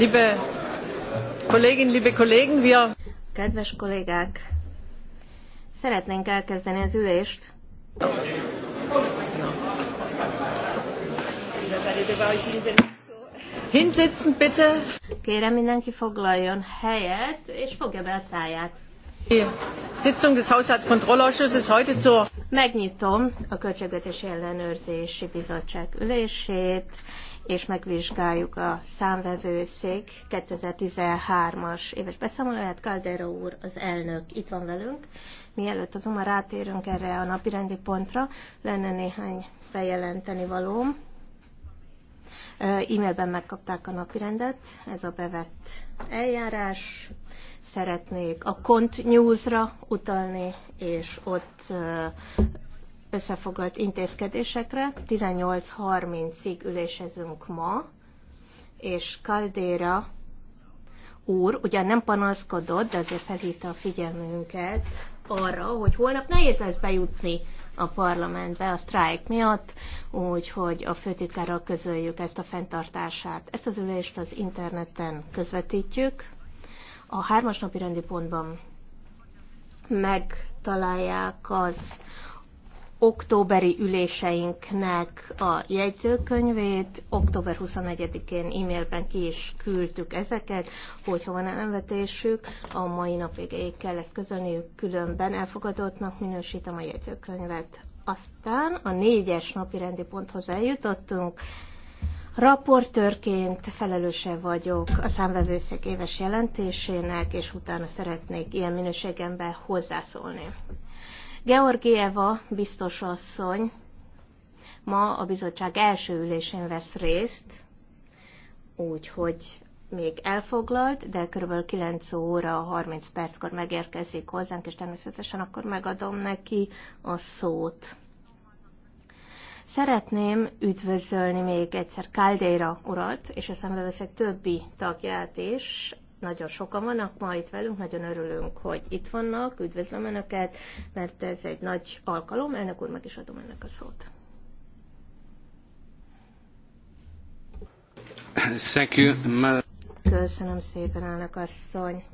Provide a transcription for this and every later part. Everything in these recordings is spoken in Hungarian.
Liebe Kolleginnen, liebe Kollegen, wir Kedves kollégák, szeretnénk elkezdeni az ülést. Hinsitzen bitte. Kérem mindenki foglaljon helyet, és fogja be a száját. Sitzung des Haushaltskontrollausschusses heute zur Megnyitom a Költségvetési Ellenőrzési Bizottság ülését és megvizsgáljuk a számvevőszék 2013-as éves beszámolóját. Caldera úr, az elnök itt van velünk. Mielőtt azonban rátérünk erre a napirendi pontra, lenne néhány bejelenteni valóm. E-mailben megkapták a napirendet, ez a bevett eljárás. Szeretnék a Kont News-ra utalni, és ott összefoglalt intézkedésekre. 18.30-ig ülésezünk ma, és Caldera úr ugyan nem panaszkodott, de azért felhívta a figyelmünket arra, hogy holnap nehéz lesz bejutni a parlamentbe a sztrájk miatt, úgyhogy a főtitkárral közöljük ezt a fenntartását. Ezt az ülést az interneten közvetítjük. A hármas napi rendi pontban megtalálják az októberi üléseinknek a jegyzőkönyvét. Október 21-én e-mailben ki is küldtük ezeket, hogyha van elvetésük, a mai nap végéig kell ezt közölniük, különben elfogadottnak minősítem a jegyzőkönyvet. Aztán a négyes napi rendi ponthoz eljutottunk. Raportőrként felelőse vagyok a számvevőszék éves jelentésének, és utána szeretnék ilyen minőségemben hozzászólni. Georgieva biztos asszony ma a bizottság első ülésén vesz részt, úgyhogy még elfoglalt, de kb. 9 óra 30 perckor megérkezik hozzánk, és természetesen akkor megadom neki a szót. Szeretném üdvözölni még egyszer Caldeira urat, és eszembe veszek többi tagját is, nagyon sokan vannak ma itt velünk, nagyon örülünk, hogy itt vannak, üdvözlöm Önöket, mert ez egy nagy alkalom, elnök úr, meg is adom ennek a szót. Thank you. Köszönöm szépen, elnök asszony.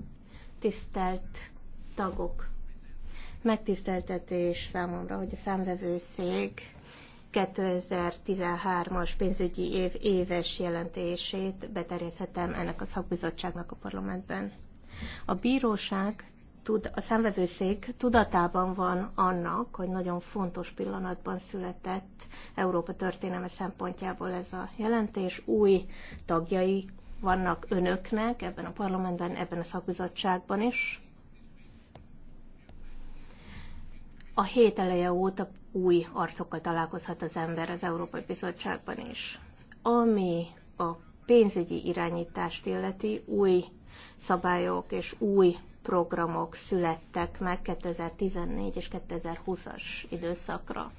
Tisztelt tagok, megtiszteltetés számomra, hogy a számvevőszék 2013-as pénzügyi év éves jelentését beterjeszthetem ennek a szakbizottságnak a parlamentben. A bíróság, a számvevőszék tudatában van annak, hogy nagyon fontos pillanatban született Európa történelme szempontjából ez a jelentés. Új tagjai vannak önöknek ebben a parlamentben, ebben a szakbizottságban is. A hét eleje óta új arcokkal találkozhat az ember az Európai Bizottságban is. Ami a pénzügyi irányítást illeti, új szabályok és új programok születtek meg 2014 és 2020-as időszakra.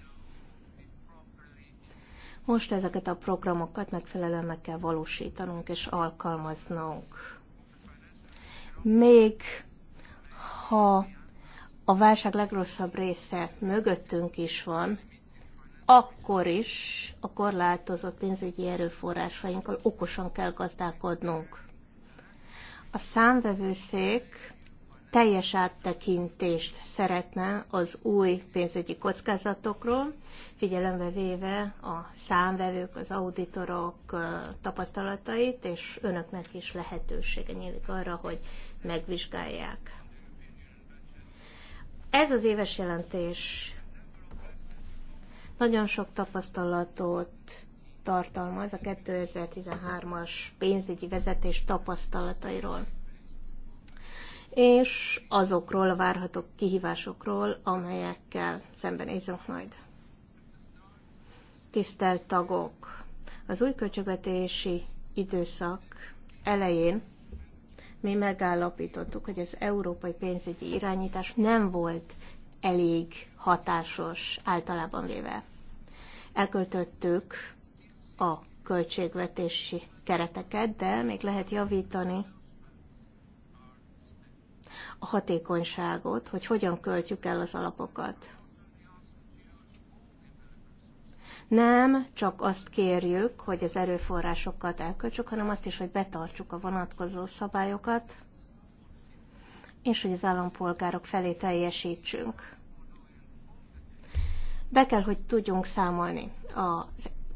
Most ezeket a programokat megfelelően meg kell valósítanunk és alkalmaznunk. Még ha a válság legrosszabb része mögöttünk is van, akkor is a korlátozott pénzügyi erőforrásainkkal okosan kell gazdálkodnunk. A számvevőszék teljes áttekintést szeretne az új pénzügyi kockázatokról, figyelembe véve a számvevők, az auditorok tapasztalatait, és önöknek is lehetősége nyílik arra, hogy megvizsgálják. Ez az éves jelentés nagyon sok tapasztalatot tartalmaz a 2013-as pénzügyi vezetés tapasztalatairól és azokról a várható kihívásokról, amelyekkel szembenézünk majd. Tisztelt tagok! Az új költségvetési időszak elején mi megállapítottuk, hogy az európai pénzügyi irányítás nem volt elég hatásos általában véve. Elköltöttük a költségvetési kereteket, de még lehet javítani a hatékonyságot, hogy hogyan költjük el az alapokat. nem csak azt kérjük, hogy az erőforrásokat elköltsük, hanem azt is, hogy betartsuk a vonatkozó szabályokat, és hogy az állampolgárok felé teljesítsünk. Be kell, hogy tudjunk számolni a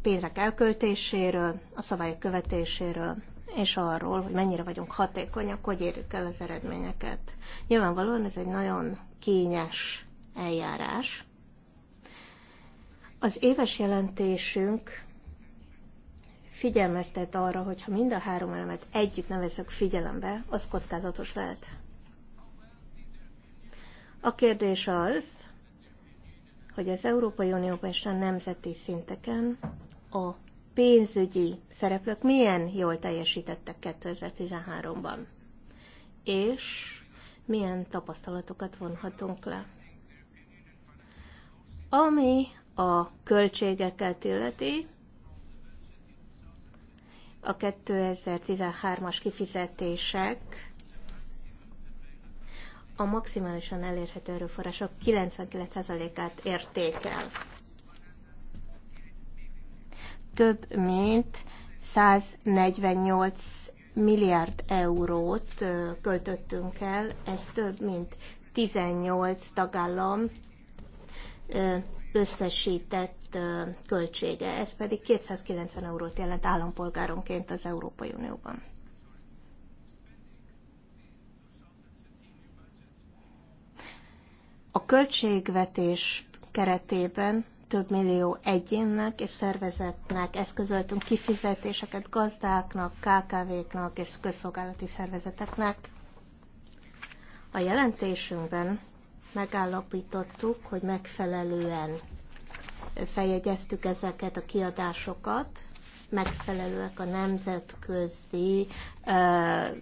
pénzek elköltéséről, a szabályok követéséről, és arról, hogy mennyire vagyunk hatékonyak, hogy érjük el az eredményeket. Nyilvánvalóan ez egy nagyon kényes eljárás, az éves jelentésünk figyelmeztet arra, hogy ha mind a három elemet együtt nevezzük figyelembe, az kockázatos lehet. A kérdés az, hogy az Európai Unióban és a nemzeti szinteken a pénzügyi szereplők milyen jól teljesítettek 2013-ban, és milyen tapasztalatokat vonhatunk le. Ami a költségeket illeti, a 2013-as kifizetések a maximálisan elérhető erőforrások 99%-át értékel. Több mint 148 milliárd eurót költöttünk el, ez több mint 18 tagállam összesített költsége. Ez pedig 290 eurót jelent állampolgáronként az Európai Unióban. A költségvetés keretében több millió egyénnek és szervezetnek eszközöltünk kifizetéseket gazdáknak, KKV-knak és közszolgálati szervezeteknek. A jelentésünkben megállapítottuk, hogy megfelelően feljegyeztük ezeket a kiadásokat, megfelelőek a nemzetközi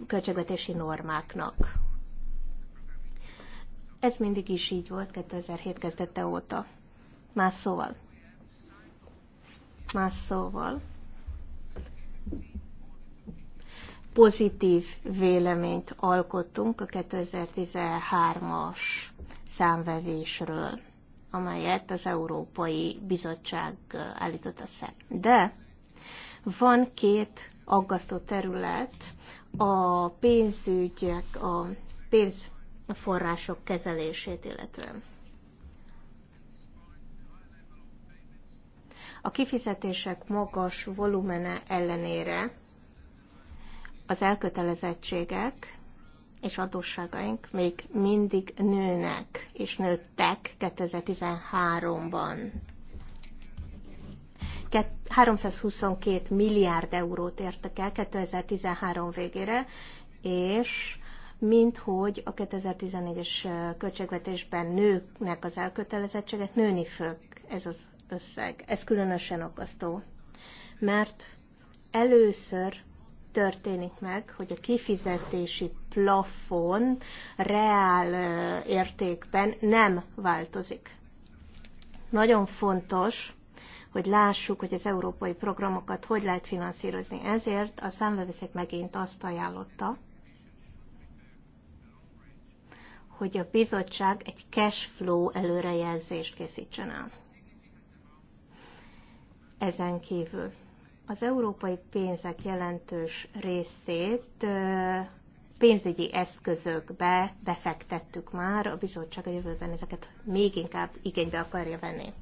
költségvetési normáknak. Ez mindig is így volt 2007 kezdete óta. Más szóval. Más szóval. Pozitív véleményt alkottunk a 2013-as számvevésről, amelyet az Európai Bizottság állított össze. De van két aggasztó terület, a pénzügyek, a pénzforrások kezelését illetően. A kifizetések magas volumene ellenére az elkötelezettségek és adósságaink még mindig nőnek, és nőttek 2013-ban. 322 milliárd eurót értek el 2013 végére, és mint hogy a 2014-es költségvetésben nőknek az elkötelezettséget nőni fog ez az összeg. Ez különösen akasztó, mert először történik meg, hogy a kifizetési plafon reál értékben nem változik. Nagyon fontos, hogy lássuk, hogy az európai programokat hogy lehet finanszírozni. Ezért a számvevőszék megint azt ajánlotta, hogy a bizottság egy cash flow előrejelzést készítsen el. Ezen kívül az európai pénzek jelentős részét pénzügyi eszközökbe befektettük már, a bizottság a jövőben ezeket még inkább igénybe akarja venni.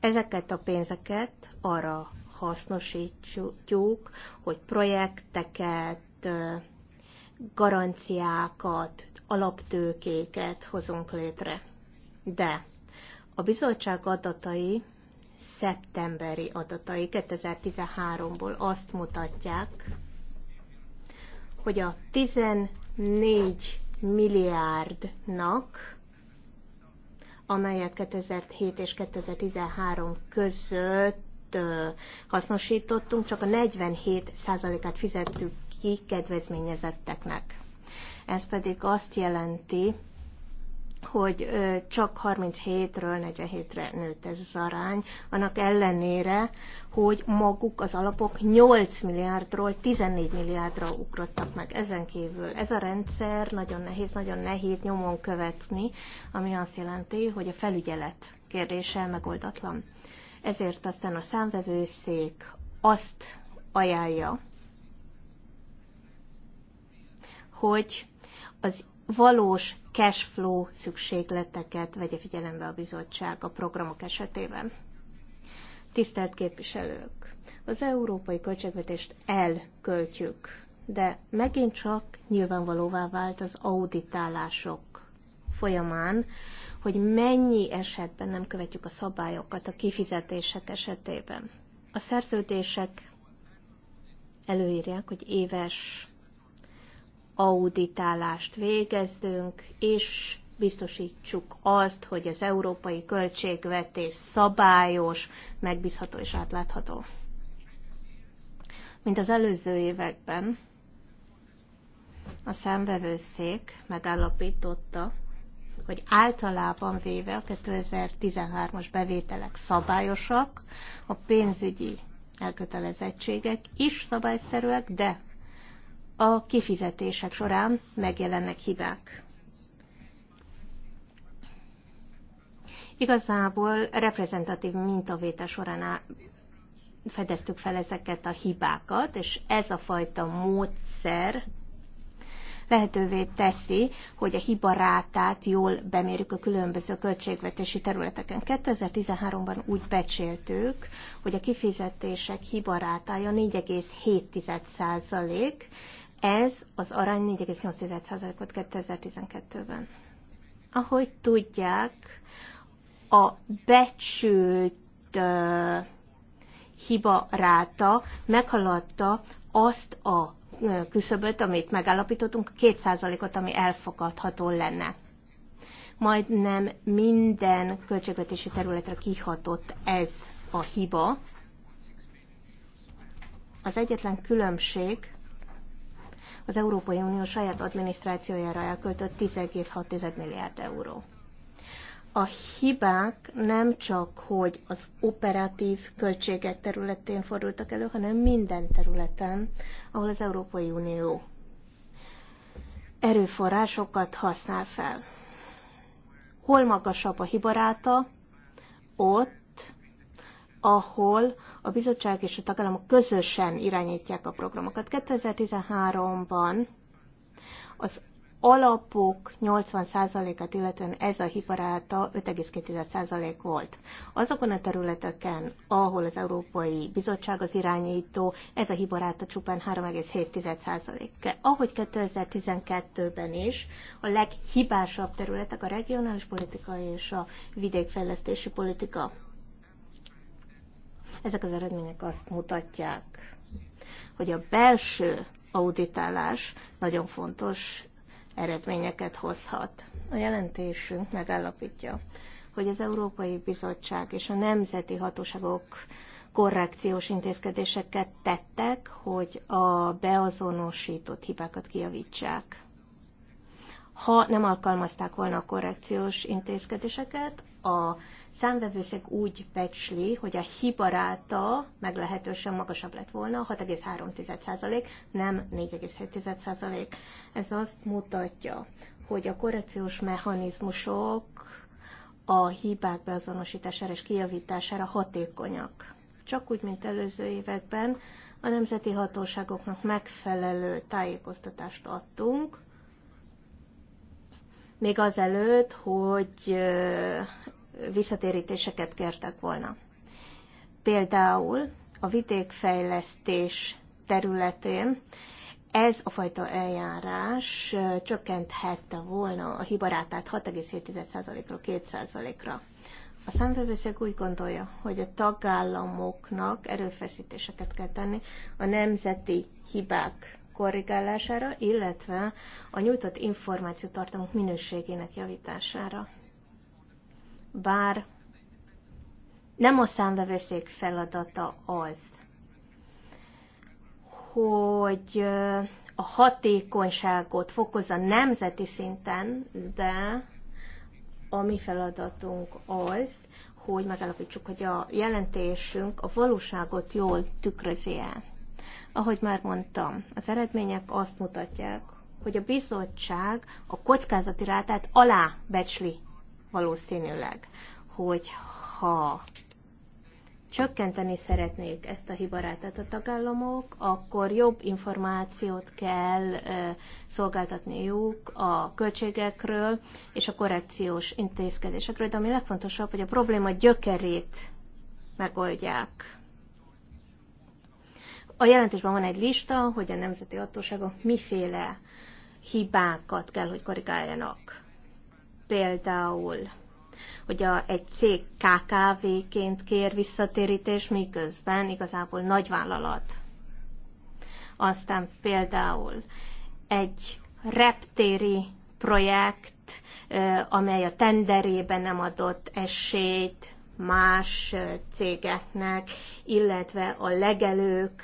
Ezeket a pénzeket arra hasznosítjuk, hogy projekteket, garanciákat, alaptőkéket hozunk létre. De a bizottság adatai, szeptemberi adatai 2013-ból azt mutatják, hogy a 14 milliárdnak, amelyet 2007 és 2013 között hasznosítottunk, csak a 47 százalékát fizettük ki kedvezményezetteknek. Ez pedig azt jelenti, hogy csak 37-ről 47-re nőtt ez az arány, annak ellenére, hogy maguk az alapok 8 milliárdról 14 milliárdra ugrottak meg. Ezen kívül ez a rendszer nagyon nehéz, nagyon nehéz nyomon követni, ami azt jelenti, hogy a felügyelet kérdése megoldatlan. Ezért aztán a számvevőszék azt ajánlja, hogy az valós cash flow szükségleteket vegye figyelembe a bizottság a programok esetében. Tisztelt képviselők! Az európai költségvetést elköltjük, de megint csak nyilvánvalóvá vált az auditálások folyamán, hogy mennyi esetben nem követjük a szabályokat a kifizetések esetében. A szerződések előírják, hogy éves auditálást végezzünk, és biztosítsuk azt, hogy az európai költségvetés szabályos, megbízható és átlátható. Mint az előző években, a számvevőszék megállapította, hogy általában véve a 2013-as bevételek szabályosak, a pénzügyi elkötelezettségek is szabályszerűek, de a kifizetések során megjelennek hibák. Igazából reprezentatív mintavétel során fedeztük fel ezeket a hibákat, és ez a fajta módszer lehetővé teszi, hogy a hibarátát jól bemérjük a különböző költségvetési területeken. 2013-ban úgy becséltük, hogy a kifizetések hibarátája 4,7 ez az arány 4,8%-ot 2012-ben. Ahogy tudják, a becsült uh, hiba ráta meghaladta azt a küszöböt, amit megállapítottunk, 2%-ot, ami elfogadható lenne. Majdnem minden költségvetési területre kihatott ez a hiba. Az egyetlen különbség az Európai Unió saját adminisztrációjára elköltött 10,6 milliárd euró. A hibák nem csak, hogy az operatív költségek területén fordultak elő, hanem minden területen, ahol az Európai Unió erőforrásokat használ fel. Hol magasabb a hibaráta? Ott, ahol a bizottság és a tagállamok közösen irányítják a programokat. 2013-ban az alapok 80%-át illetően ez a hibaráta 5,2% volt. Azokon a területeken, ahol az Európai Bizottság az irányító, ez a hibaráta csupán 3,7%. Ahogy 2012-ben is, a leghibásabb területek a regionális politika és a vidékfejlesztési politika. Ezek az eredmények azt mutatják, hogy a belső auditálás nagyon fontos eredményeket hozhat. A jelentésünk megállapítja, hogy az Európai Bizottság és a nemzeti hatóságok korrekciós intézkedéseket tettek, hogy a beazonosított hibákat kiavítsák. Ha nem alkalmazták volna a korrekciós intézkedéseket, a számvevőszék úgy becsli, hogy a hibaráta meglehetősen magasabb lett volna, 6,3%, nem 4,7%. Ez azt mutatja, hogy a korrekciós mechanizmusok a hibák beazonosítására és kijavítására hatékonyak. Csak úgy, mint előző években, a nemzeti hatóságoknak megfelelő tájékoztatást adtunk, még azelőtt, hogy visszatérítéseket kértek volna. Például a vidékfejlesztés területén ez a fajta eljárás csökkenthette volna a hibarátát 6,7%-ról 2%-ra. A számvevőszék úgy gondolja, hogy a tagállamoknak erőfeszítéseket kell tenni a nemzeti hibák korrigálására, illetve a nyújtott információtartalmak minőségének javítására bár nem a számvevőszék feladata az, hogy a hatékonyságot fokozza nemzeti szinten, de a mi feladatunk az, hogy megállapítsuk, hogy a jelentésünk a valóságot jól tükrözi el. Ahogy már mondtam, az eredmények azt mutatják, hogy a bizottság a kockázati rátát alábecsli valószínűleg, hogy ha csökkenteni szeretnék ezt a hibarátát a tagállamok, akkor jobb információt kell szolgáltatniuk a költségekről és a korrekciós intézkedésekről, de ami legfontosabb, hogy a probléma gyökerét megoldják. A jelentésben van egy lista, hogy a nemzeti hatóságok miféle hibákat kell, hogy korrigáljanak például, hogy a, egy cég KKV-ként kér visszatérítés, miközben igazából nagyvállalat. Aztán például egy reptéri projekt, amely a tenderében nem adott esélyt más cégeknek, illetve a legelők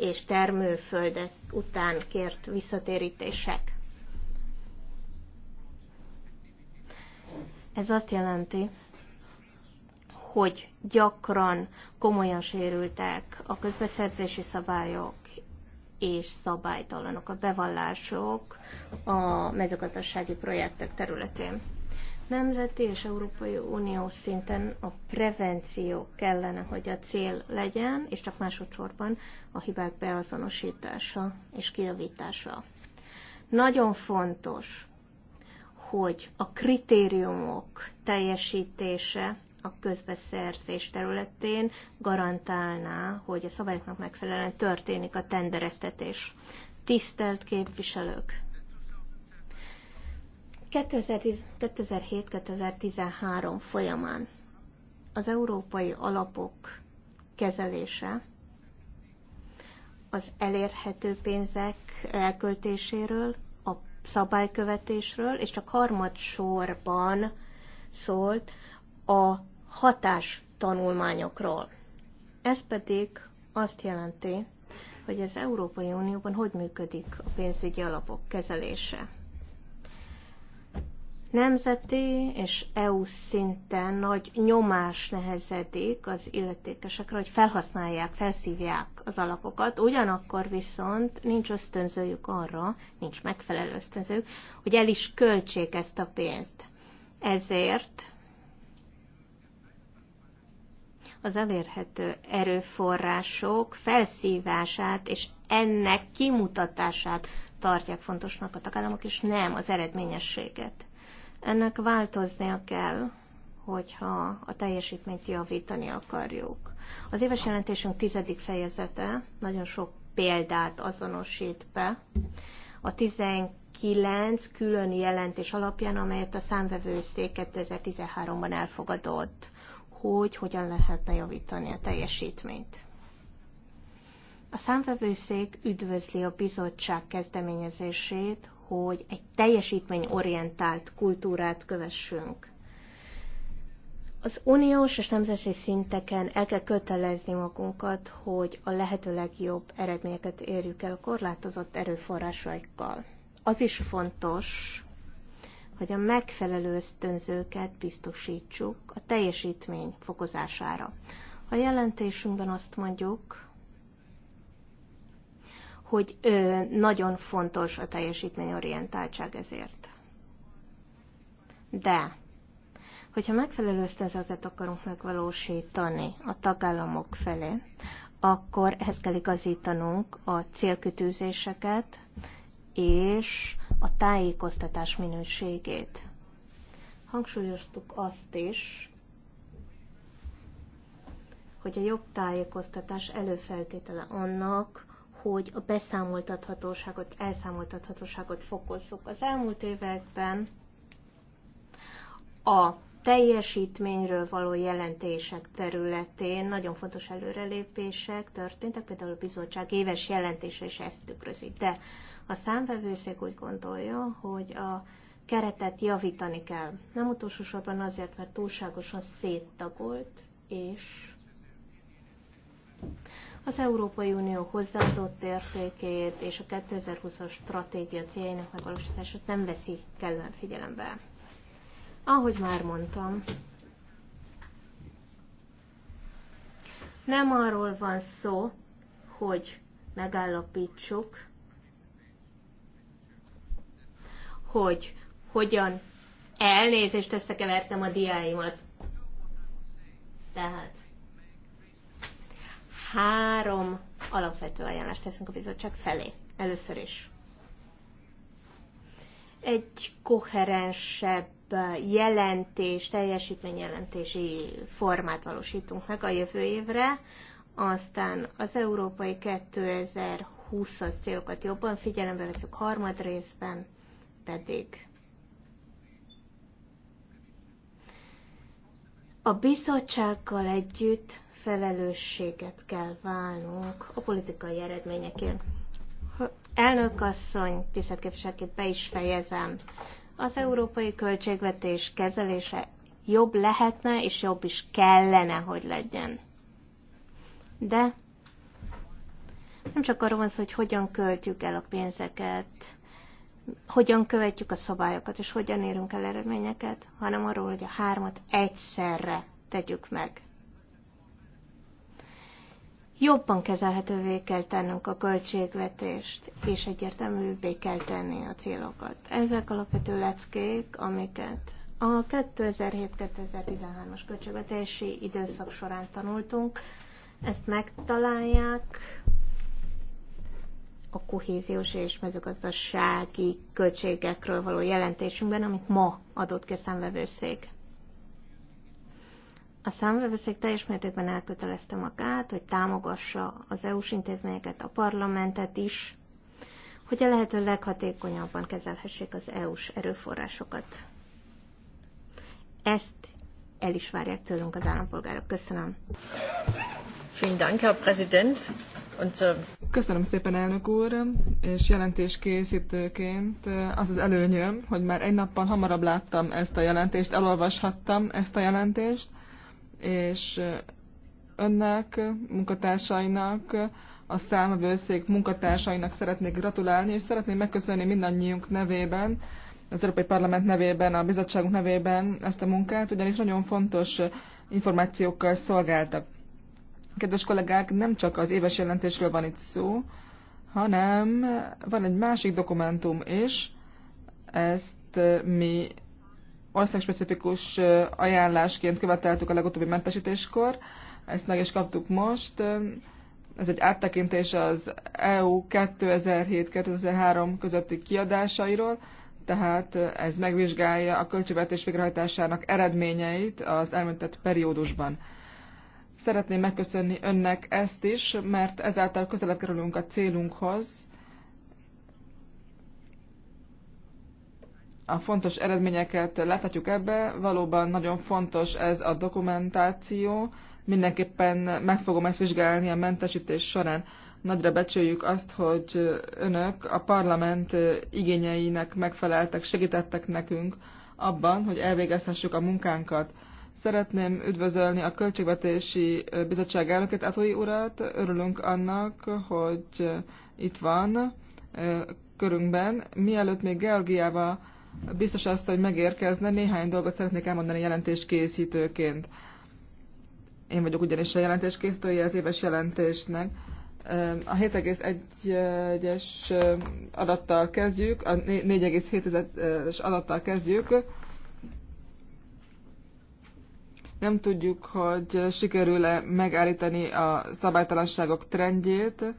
és termőföldek után kért visszatérítések. Ez azt jelenti, hogy gyakran komolyan sérültek a közbeszerzési szabályok és szabálytalanok a bevallások a mezőgazdasági projektek területén. Nemzeti és Európai Unió szinten a prevenció kellene, hogy a cél legyen, és csak másodszorban a hibák beazonosítása és kijavítása. Nagyon fontos, hogy a kritériumok teljesítése a közbeszerzés területén garantálná, hogy a szabályoknak megfelelően történik a tendereztetés. Tisztelt képviselők! 2007-2013 folyamán az európai alapok kezelése az elérhető pénzek elköltéséről szabálykövetésről, és csak harmadsorban szólt a hatás tanulmányokról. Ez pedig azt jelenti, hogy az Európai Unióban hogy működik a pénzügyi alapok kezelése. Nemzeti és EU szinten nagy nyomás nehezedik az illetékesekre, hogy felhasználják, felszívják az alapokat, ugyanakkor viszont nincs ösztönzőjük arra, nincs megfelelő ösztönzőjük, hogy el is költsék ezt a pénzt. Ezért az elérhető erőforrások felszívását és ennek kimutatását tartják fontosnak a tagállamok, és nem az eredményességet. Ennek változnia kell, hogyha a teljesítményt javítani akarjuk. Az éves jelentésünk tizedik fejezete nagyon sok példát azonosít be. A 19 külön jelentés alapján, amelyet a számvevőszék 2013-ban elfogadott, hogy hogyan lehetne javítani a teljesítményt. A számvevőszék üdvözli a bizottság kezdeményezését, hogy egy teljesítményorientált kultúrát kövessünk. Az uniós és nemzeti szinteken el kell kötelezni magunkat, hogy a lehető legjobb eredményeket érjük el a korlátozott erőforrásaikkal. Az is fontos, hogy a megfelelő ösztönzőket biztosítsuk a teljesítmény fokozására. A jelentésünkben azt mondjuk, hogy nagyon fontos a teljesítményorientáltság ezért. De, hogyha megfelelő ösztönzőket akarunk megvalósítani a tagállamok felé, akkor ehhez kell igazítanunk a célkütőzéseket és a tájékoztatás minőségét. Hangsúlyoztuk azt is, hogy a jobb tájékoztatás előfeltétele annak, hogy a beszámoltathatóságot, elszámoltathatóságot fokozzuk. Az elmúlt években a teljesítményről való jelentések területén nagyon fontos előrelépések történtek, például a bizottság éves jelentése is ezt tükrözi. De a számvevőszék úgy gondolja, hogy a keretet javítani kell. Nem utolsó sorban azért, mert túlságosan széttagolt, és az Európai Unió hozzáadott értékét és a 2020-as stratégia céljainak megvalósítását nem veszi kellően figyelembe. Ahogy már mondtam, nem arról van szó, hogy megállapítsuk, hogy hogyan elnézést összekevertem a diáimat. Tehát három alapvető ajánlást teszünk a bizottság felé. Először is egy koherensebb jelentés, teljesítményjelentési formát valósítunk meg a jövő évre, aztán az európai 2020-as célokat jobban figyelembe veszük harmad részben, pedig a bizottsággal együtt felelősséget kell válnunk a politikai eredményekért. Elnök asszony, tisztelt be is fejezem. Az európai költségvetés kezelése jobb lehetne, és jobb is kellene, hogy legyen. De nem csak arról van szó, hogy hogyan költjük el a pénzeket, hogyan követjük a szabályokat, és hogyan érünk el eredményeket, hanem arról, hogy a hármat egyszerre tegyük meg jobban kezelhetővé kell tennünk a költségvetést, és egyértelművé kell tenni a célokat. Ezek alapvető leckék, amiket a 2007-2013-as költségvetési időszak során tanultunk. Ezt megtalálják a kohéziós és mezőgazdasági költségekről való jelentésünkben, amit ma adott ki a szemvevőszék. A számvevőszék teljes mértékben elkötelezte magát, hogy támogassa az EU-s intézményeket, a parlamentet is, hogy a lehető leghatékonyabban kezelhessék az EU-s erőforrásokat. Ezt el is várják tőlünk az állampolgárok. Köszönöm. Vielen Dank, Herr Präsident. Ähm, Köszönöm szépen, elnök úr, és jelentéskészítőként äh, az az előnyöm, hogy már egy nappal hamarabb láttam ezt a jelentést, elolvashattam ezt a jelentést, és önnek, munkatársainak, a számvevőszék munkatársainak szeretnék gratulálni, és szeretném megköszönni mindannyiunk nevében, az Európai Parlament nevében, a bizottságunk nevében ezt a munkát, ugyanis nagyon fontos információkkal szolgáltak. Kedves kollégák, nem csak az éves jelentésről van itt szó, hanem van egy másik dokumentum is, ezt mi országspecifikus ajánlásként követeltük a legutóbbi mentesítéskor, ezt meg is kaptuk most. Ez egy áttekintés az EU 2007-2003 közötti kiadásairól, tehát ez megvizsgálja a költségvetés végrehajtásának eredményeit az elmentett periódusban. Szeretném megköszönni önnek ezt is, mert ezáltal közelebb kerülünk a célunkhoz, a fontos eredményeket láthatjuk ebbe. Valóban nagyon fontos ez a dokumentáció. Mindenképpen meg fogom ezt vizsgálni a mentesítés során. Nagyra becsüljük azt, hogy önök a parlament igényeinek megfeleltek, segítettek nekünk abban, hogy elvégezhessük a munkánkat. Szeretném üdvözölni a Költségvetési Bizottság elnökét, Atói urat. Örülünk annak, hogy itt van körünkben. Mielőtt még Georgiával biztos azt, hogy megérkezne. Néhány dolgot szeretnék elmondani jelentéskészítőként. Én vagyok ugyanis a jelentéskészítője az éves jelentésnek. A 7,1-es adattal kezdjük, a 4,7-es adattal kezdjük. Nem tudjuk, hogy sikerül-e megállítani a szabálytalanságok trendjét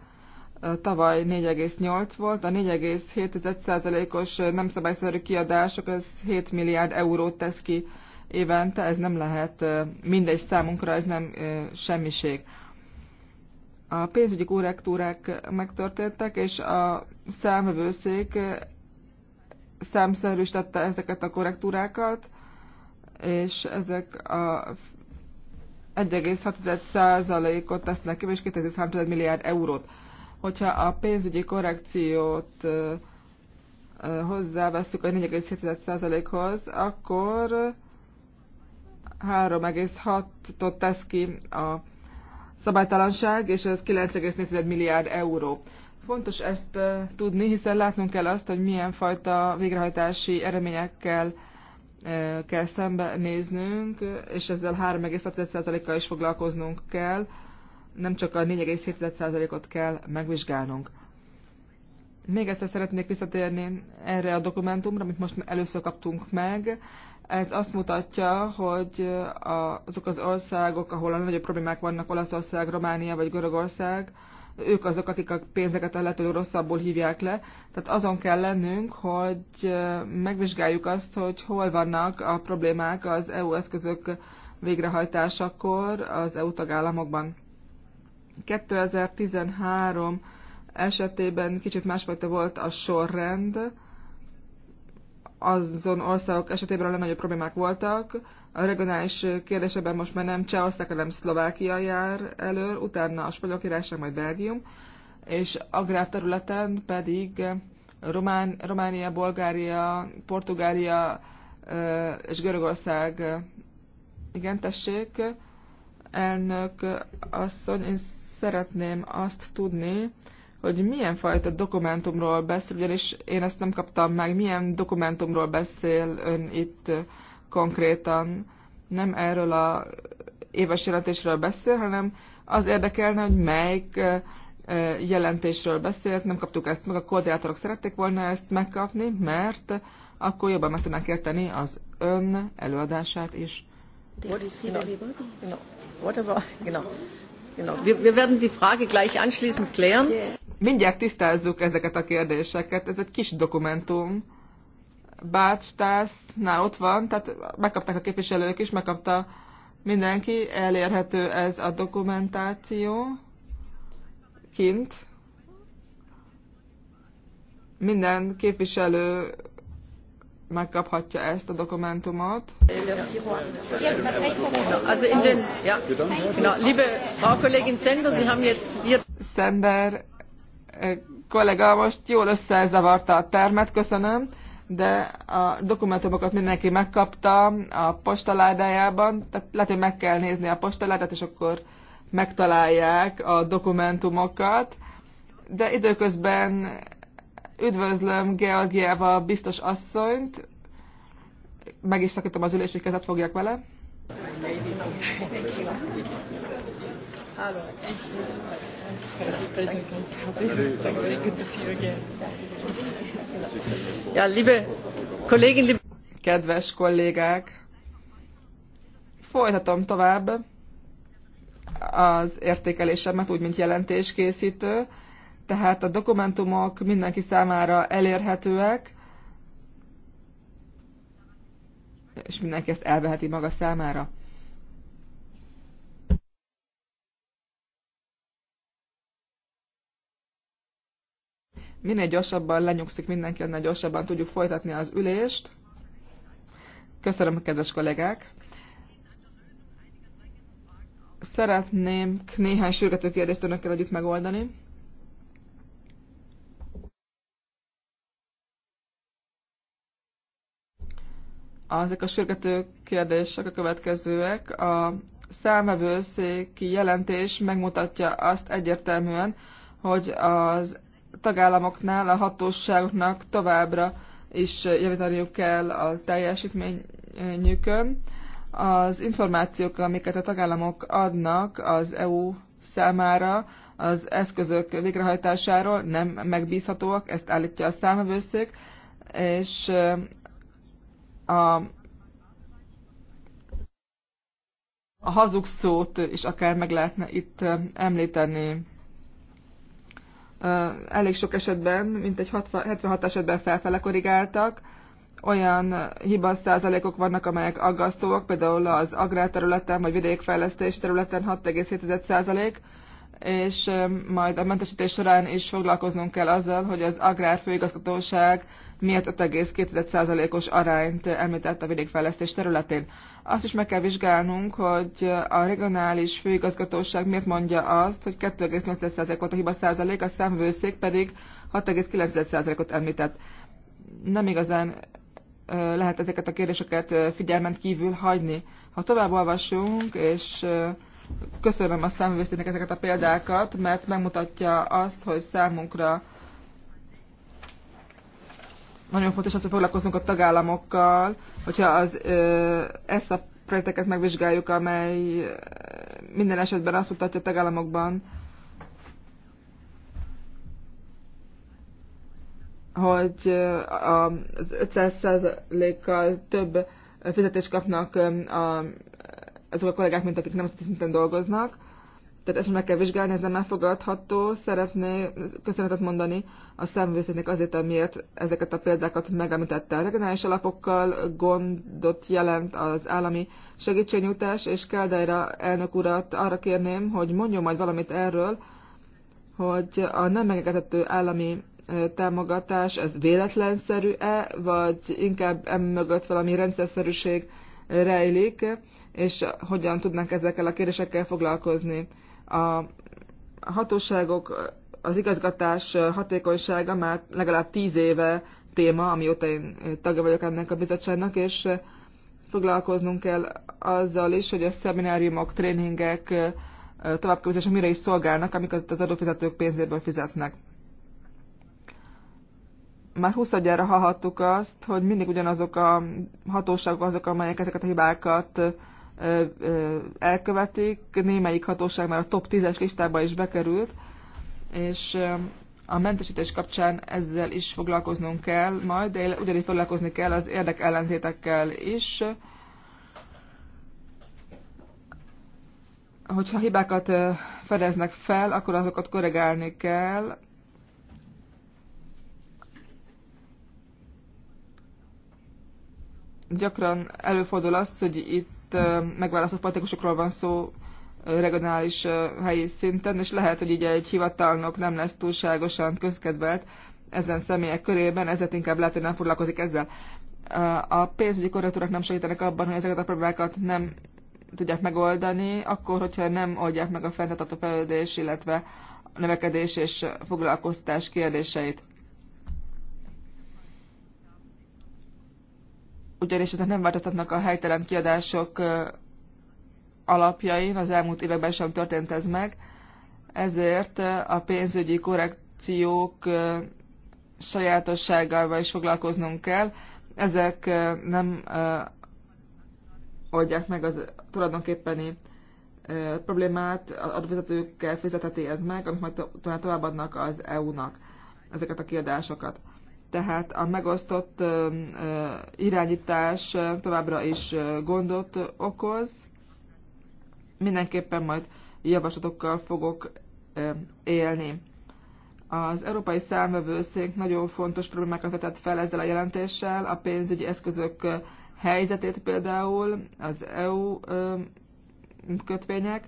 tavaly 4,8 volt, a 4,7%-os nem szabályszerű kiadások, ez 7 milliárd eurót tesz ki évente, ez nem lehet mindegy számunkra, ez nem semmiség. A pénzügyi korrektúrák megtörténtek, és a számvevőszék számszerűsítette ezeket a korrektúrákat, és ezek a 1,6%-ot tesznek ki, és 2,3 milliárd eurót. Hogyha a pénzügyi korrekciót hozzáveszünk a 4,7%-hoz, akkor 3,6-tot tesz ki a szabálytalanság, és ez 9,4 milliárd euró. Fontos ezt tudni, hiszen látnunk kell azt, hogy milyen fajta végrehajtási eredményekkel kell szembenéznünk, és ezzel 3,6%-kal is foglalkoznunk kell nem csak a 4,7%-ot kell megvizsgálnunk. Még egyszer szeretnék visszatérni erre a dokumentumra, amit most először kaptunk meg. Ez azt mutatja, hogy azok az országok, ahol a nagyobb problémák vannak, Olaszország, Románia vagy Görögország, ők azok, akik a pénzeket a lehető rosszabbul hívják le. Tehát azon kell lennünk, hogy megvizsgáljuk azt, hogy hol vannak a problémák az EU eszközök végrehajtásakor az EU tagállamokban. 2013 esetében kicsit másfajta volt a sorrend, azon országok esetében a legnagyobb problémák voltak. A regionális kérdésében most már nem Csehország, hanem Szlovákia jár elő, utána a Spanyol Királyság, majd Belgium, és agrárterületen pedig Román, Románia, Bulgária, Portugália és Görögország igen, tessék, elnök asszony, én szeretném azt tudni, hogy milyen fajta dokumentumról beszél, ugyanis én ezt nem kaptam meg, milyen dokumentumról beszél ön itt konkrétan. Nem erről a éves jelentésről beszél, hanem az érdekelne, hogy melyik jelentésről beszélt, nem kaptuk ezt meg, a koordinátorok szerették volna ezt megkapni, mert akkor jobban meg tudnánk érteni az ön előadását is. What is you know, What about, know wir werden die Frage gleich anschließend klären. Mindjárt tisztázzuk ezeket a kérdéseket. Ez egy kis dokumentum. Bács Tásznál ott van, tehát megkapták a képviselők is, megkapta mindenki. Elérhető ez a dokumentáció kint. Minden képviselő megkaphatja ezt a dokumentumot. Also eh, kollega most jól összezavarta a termet, köszönöm, de a dokumentumokat mindenki megkapta a postaládájában, tehát lehet, hogy meg kell nézni a postaládát, és akkor megtalálják a dokumentumokat, de időközben Üdvözlöm Georgiával biztos asszonyt. Meg is szakítom az hogy kezet fogják vele. Ja, liebe Kollégin, liebe Kedves kollégák, folytatom tovább az értékelésemet, úgy, mint jelentéskészítő tehát a dokumentumok mindenki számára elérhetőek, és mindenki ezt elveheti maga számára. Minél gyorsabban lenyugszik mindenki, annál gyorsabban tudjuk folytatni az ülést. Köszönöm, kedves kollégák! Szeretném néhány sürgető kérdést önökkel együtt megoldani. Azok a sürgető kérdések a következőek. A számvevőszéki jelentés megmutatja azt egyértelműen, hogy az tagállamoknál, a hatóságoknak továbbra is javítaniuk kell a teljesítményükön. Az információk, amiket a tagállamok adnak az EU számára, az eszközök végrehajtásáról nem megbízhatóak, ezt állítja a számvevőszék, és a, a hazug szót is akár meg lehetne itt említeni. Elég sok esetben, mint egy 76 esetben felfele korrigáltak, olyan hibaszázalékok vannak, amelyek aggasztóak, például az agrárterületen vagy vidékfejlesztés területen 6,7 százalék, és majd a mentesítés során is foglalkoznunk kell azzal, hogy az agrárfőigazgatóság miért 5,2%-os arányt említett a vidékfejlesztés területén. Azt is meg kell vizsgálnunk, hogy a regionális főigazgatóság miért mondja azt, hogy 2,8% volt a hiba százalék, a számvőszék pedig 6,9%-ot említett. Nem igazán lehet ezeket a kérdéseket figyelmen kívül hagyni. Ha tovább olvasunk, és köszönöm a számvőszéknek ezeket a példákat, mert megmutatja azt, hogy számunkra nagyon fontos az, hogy foglalkozunk a tagállamokkal, hogyha az, ezt a projekteket megvizsgáljuk, amely minden esetben azt mutatja a tagállamokban, hogy az 500%-kal több fizetést kapnak azok a kollégák, mint akik nem szinten dolgoznak tehát ezt meg kell vizsgálni, ez nem elfogadható. Szeretné köszönetet mondani a számvőszéknek azért, amiért ezeket a példákat megemlítette. A regionális alapokkal gondot jelent az állami segítségnyújtás, és Káldájra elnök urat arra kérném, hogy mondjon majd valamit erről, hogy a nem megengedhető állami támogatás, ez véletlenszerű-e, vagy inkább emögött valami rendszerszerűség rejlik, és hogyan tudnánk ezekkel a kérdésekkel foglalkozni. A hatóságok, az igazgatás hatékonysága már legalább tíz éve téma, amióta én tagja vagyok ennek a bizottságnak, és foglalkoznunk kell azzal is, hogy a szemináriumok, tréningek, továbbképzések mire is szolgálnak, amiket az adófizetők pénzéből fizetnek. Már 20 hallhattuk azt, hogy mindig ugyanazok a hatóságok azok, amelyek ezeket a hibákat elkövetik, némelyik hatóság már a top 10-es listába is bekerült, és a mentesítés kapcsán ezzel is foglalkoznunk kell majd, de ugyanígy foglalkozni kell az érdekellentétekkel is. Hogyha hibákat fedeznek fel, akkor azokat korrigálni kell. Gyakran előfordul az, hogy itt megválasztott politikusokról van szó regionális helyi szinten, és lehet, hogy ugye egy hivatalnok nem lesz túlságosan közkedvelt ezen személyek körében, ezért inkább lehet, hogy nem foglalkozik ezzel. A pénzügyi korrektúrák nem segítenek abban, hogy ezeket a problémákat nem tudják megoldani, akkor, hogyha nem oldják meg a fenntartható fejlődés, illetve növekedés és foglalkoztás kérdéseit. ugyanis ezek nem változtatnak a helytelen kiadások alapjain, az elmúlt években sem történt ez meg, ezért a pénzügyi korrekciók sajátosságával is foglalkoznunk kell. Ezek nem oldják meg az tulajdonképpeni problémát, az adóvezetőkkel fizetheti ez meg, amit majd továbbadnak az EU-nak ezeket a kiadásokat tehát a megosztott irányítás továbbra is gondot okoz. Mindenképpen majd javaslatokkal fogok élni. Az Európai Számvevőszék nagyon fontos problémákat vetett fel ezzel a jelentéssel, a pénzügyi eszközök helyzetét például, az EU kötvények.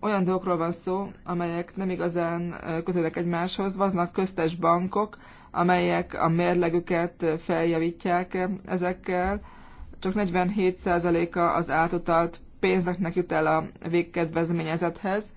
Olyan dolgokról van szó, amelyek nem igazán kötődnek egymáshoz, vannak köztes bankok, amelyek a mérlegüket feljavítják ezekkel. Csak 47%-a az átutalt pénzeknek jut el a végkedvezményezethez.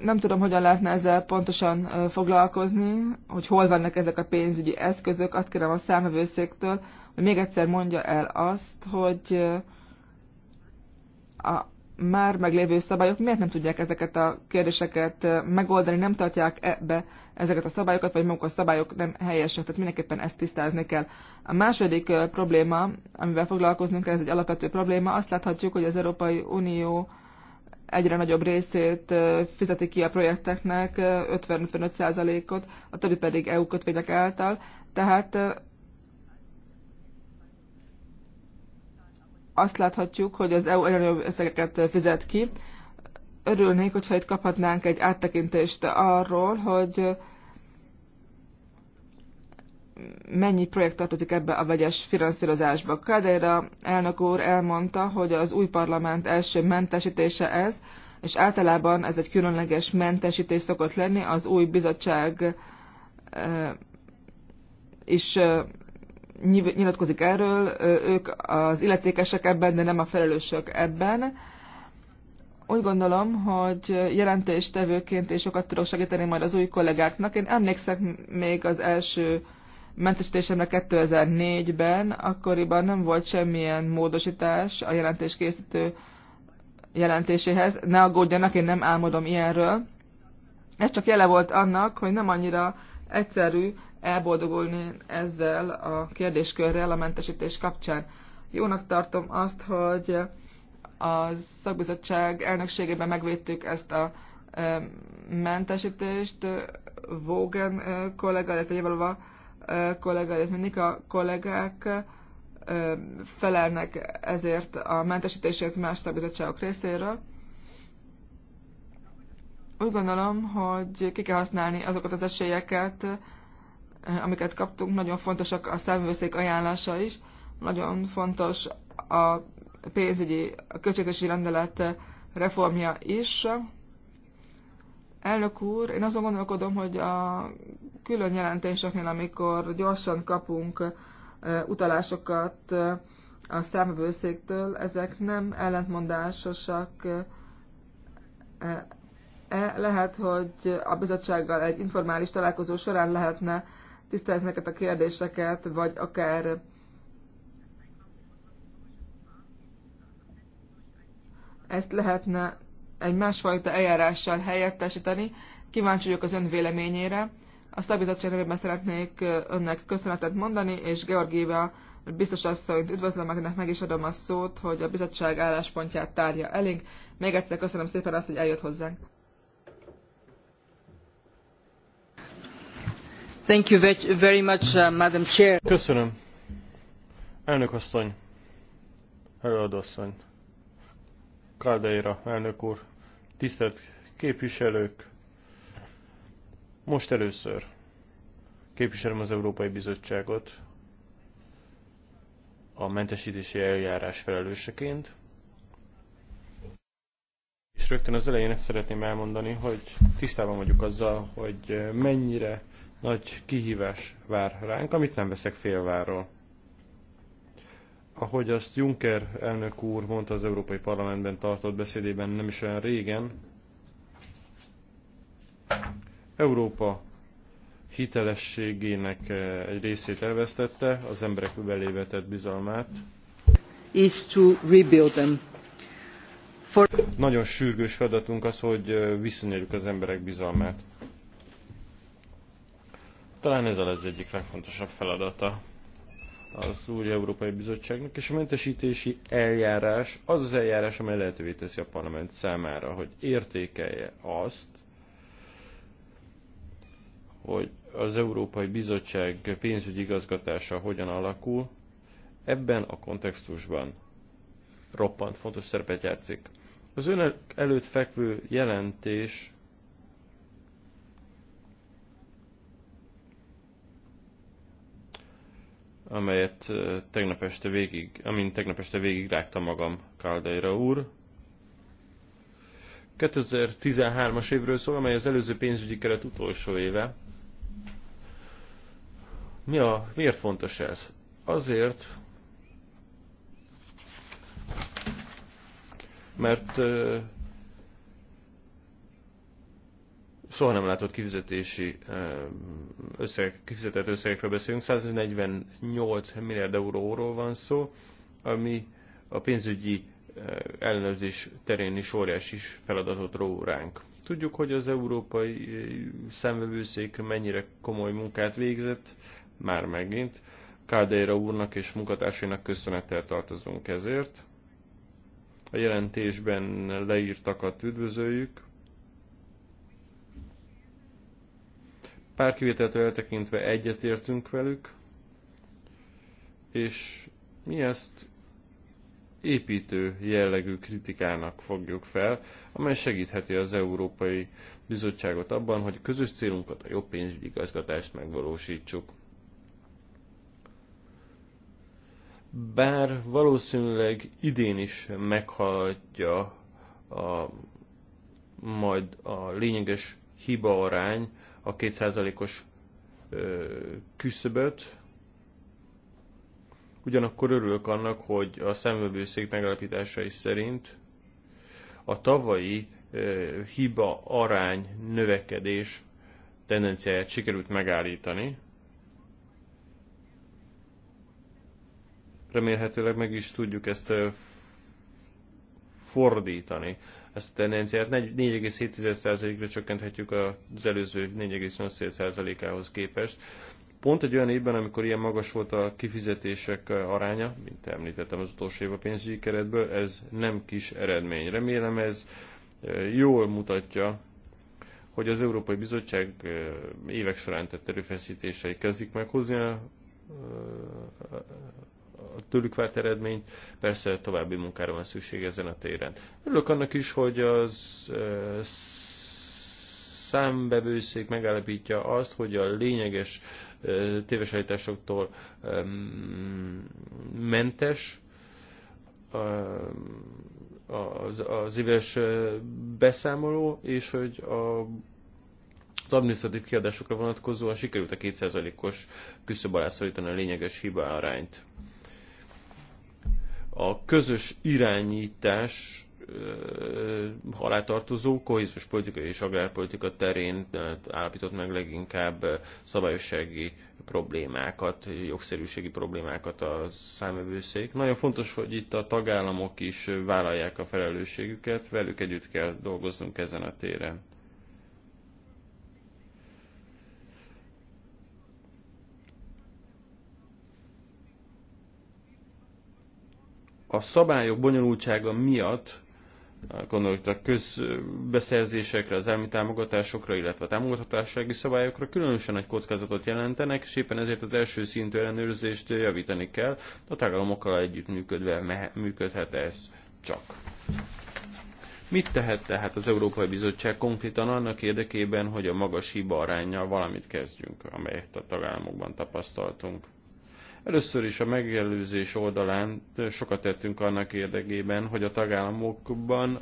nem tudom, hogyan lehetne ezzel pontosan foglalkozni, hogy hol vannak ezek a pénzügyi eszközök. Azt kérem a számövőszéktől, hogy még egyszer mondja el azt, hogy a már meglévő szabályok miért nem tudják ezeket a kérdéseket megoldani, nem tartják ebbe ezeket a szabályokat, vagy maguk a szabályok nem helyesek, tehát mindenképpen ezt tisztázni kell. A második probléma, amivel foglalkoznunk kell, ez egy alapvető probléma, azt láthatjuk, hogy az Európai Unió egyre nagyobb részét fizeti ki a projekteknek, 50-55%-ot, a többi pedig EU kötvények által, tehát azt láthatjuk, hogy az EU egyre nagyobb összegeket fizet ki. Örülnék, hogyha itt kaphatnánk egy áttekintést arról, hogy mennyi projekt tartozik ebbe a vegyes finanszírozásba. Kádeira elnök úr elmondta, hogy az új parlament első mentesítése ez, és általában ez egy különleges mentesítés szokott lenni, az új bizottság eh, is eh, nyilatkozik erről, ők az illetékesek ebben, de nem a felelősök ebben. Úgy gondolom, hogy jelentéstevőként és sokat tudok segíteni majd az új kollégáknak. Én emlékszem még az első mentesítésemre 2004-ben, akkoriban nem volt semmilyen módosítás a jelentéskészítő jelentéséhez. Ne aggódjanak, én nem álmodom ilyenről. Ez csak jele volt annak, hogy nem annyira egyszerű elboldogulni ezzel a kérdéskörrel a mentesítés kapcsán. Jónak tartom azt, hogy a szakbizottság elnökségében megvédtük ezt a mentesítést. Vogan kollega, illetve Jevalova kollega, illetve Nika kollégák felelnek ezért a mentesítésért más szakbizottságok részéről. Úgy gondolom, hogy ki kell használni azokat az esélyeket, amiket kaptunk, nagyon fontosak a számvőszék ajánlása is, nagyon fontos a pénzügyi, a költségvetési rendelet reformja is. Elnök úr, én azon gondolkodom, hogy a külön jelentéseknél, amikor gyorsan kapunk utalásokat a számvőszéktől, ezek nem ellentmondásosak. E, lehet, hogy a bizottsággal egy informális találkozó során lehetne tisztázni neked a kérdéseket, vagy akár ezt lehetne egy másfajta eljárással helyettesíteni. Kíváncsi vagyok az ön véleményére. A szabizottság nevében szeretnék önnek köszönetet mondani, és Georgiéva biztos asszonyt üdvözlöm, akinek meg is adom a szót, hogy a bizottság álláspontját tárja elénk. Még egyszer köszönöm szépen azt, hogy eljött hozzánk. Uh, Köszönöm. Elnök asszony. Előadó asszony. caldeira elnök úr. Tisztelt képviselők. Most először képviselem az Európai Bizottságot a mentestési eljárás felelőseként. És rögtön az elején ezt szeretném elmondani, hogy tisztában vagyok azzal, hogy mennyire nagy kihívás vár ránk, amit nem veszek félváról. Ahogy azt Juncker elnök úr mondta az Európai Parlamentben tartott beszédében nem is olyan régen, Európa hitelességének eh, egy részét elvesztette, az emberek belévetett bizalmát. Is to rebuild them. For... Nagyon sürgős feladatunk az, hogy eh, visszanyerjük az emberek bizalmát. Talán ez az egyik legfontosabb feladata az új Európai Bizottságnak, és a mentesítési eljárás az az eljárás, amely lehetővé teszi a parlament számára, hogy értékelje azt, hogy az Európai Bizottság pénzügyi igazgatása hogyan alakul, ebben a kontextusban roppant fontos szerepet játszik. Az ön előtt fekvő jelentés amelyet tegnap este végig, amin tegnap este végig rágtam magam Caldeira úr. 2013-as évről szól, amely az előző pénzügyi keret utolsó éve. Mi a, miért fontos ez? Azért, mert soha nem látott kifizetési eh, összeg kifizetett összegekről beszélünk, 148 milliárd euróról van szó, ami a pénzügyi eh, ellenőrzés terén is óriási feladatot ró ránk. Tudjuk, hogy az európai eh, szemvevőszék mennyire komoly munkát végzett, már megint. Kádeira úrnak és munkatársainak köszönettel tartozunk ezért. A jelentésben leírtakat üdvözöljük, Pár kivételtől eltekintve egyetértünk velük, és mi ezt építő jellegű kritikának fogjuk fel, amely segítheti az Európai Bizottságot abban, hogy a közös célunkat, a jobb pénzügyi igazgatást megvalósítsuk. Bár valószínűleg idén is meghaladja a, majd a lényeges hibaarány a kétszázalékos küszöböt. Ugyanakkor örülök annak, hogy a szemvevőszék megalapításai szerint a tavalyi hiba arány növekedés tendenciáját sikerült megállítani. Remélhetőleg meg is tudjuk ezt fordítani ezt a tendenciát 4,7%-ra csökkenthetjük az előző 4,8%-ához képest. Pont egy olyan évben, amikor ilyen magas volt a kifizetések aránya, mint említettem az utolsó év a pénzügyi keretből, ez nem kis eredmény. Remélem ez jól mutatja, hogy az Európai Bizottság évek során tett erőfeszítései kezdik meghozni a tőlük várt eredményt, persze további munkára van szükség ezen a téren. Örülök annak is, hogy az számbevőszék megállapítja azt, hogy a lényeges tévesállításoktól mentes az, az éves beszámoló, és hogy a, az adminisztratív kiadásokra vonatkozóan sikerült a 2%-os küszöb alá a lényeges hiba arányt a közös irányítás halátartozó kohézus politika és agrárpolitika terén állapított meg leginkább szabályossági problémákat, jogszerűségi problémákat a számövőszék. Nagyon fontos, hogy itt a tagállamok is vállalják a felelősségüket, velük együtt kell dolgoznunk ezen a téren. a szabályok bonyolultsága miatt gondolok a közbeszerzésekre, az elmi támogatásokra, illetve a támogathatósági szabályokra különösen nagy kockázatot jelentenek, és éppen ezért az első szintű ellenőrzést javítani kell, a tagállamokkal együttműködve működhet ez csak. Mit tehet tehát az Európai Bizottság konkrétan annak érdekében, hogy a magas hiba arányjal valamit kezdjünk, amelyet a tagállamokban tapasztaltunk? Először is a megelőzés oldalán sokat tettünk annak érdekében, hogy a tagállamokban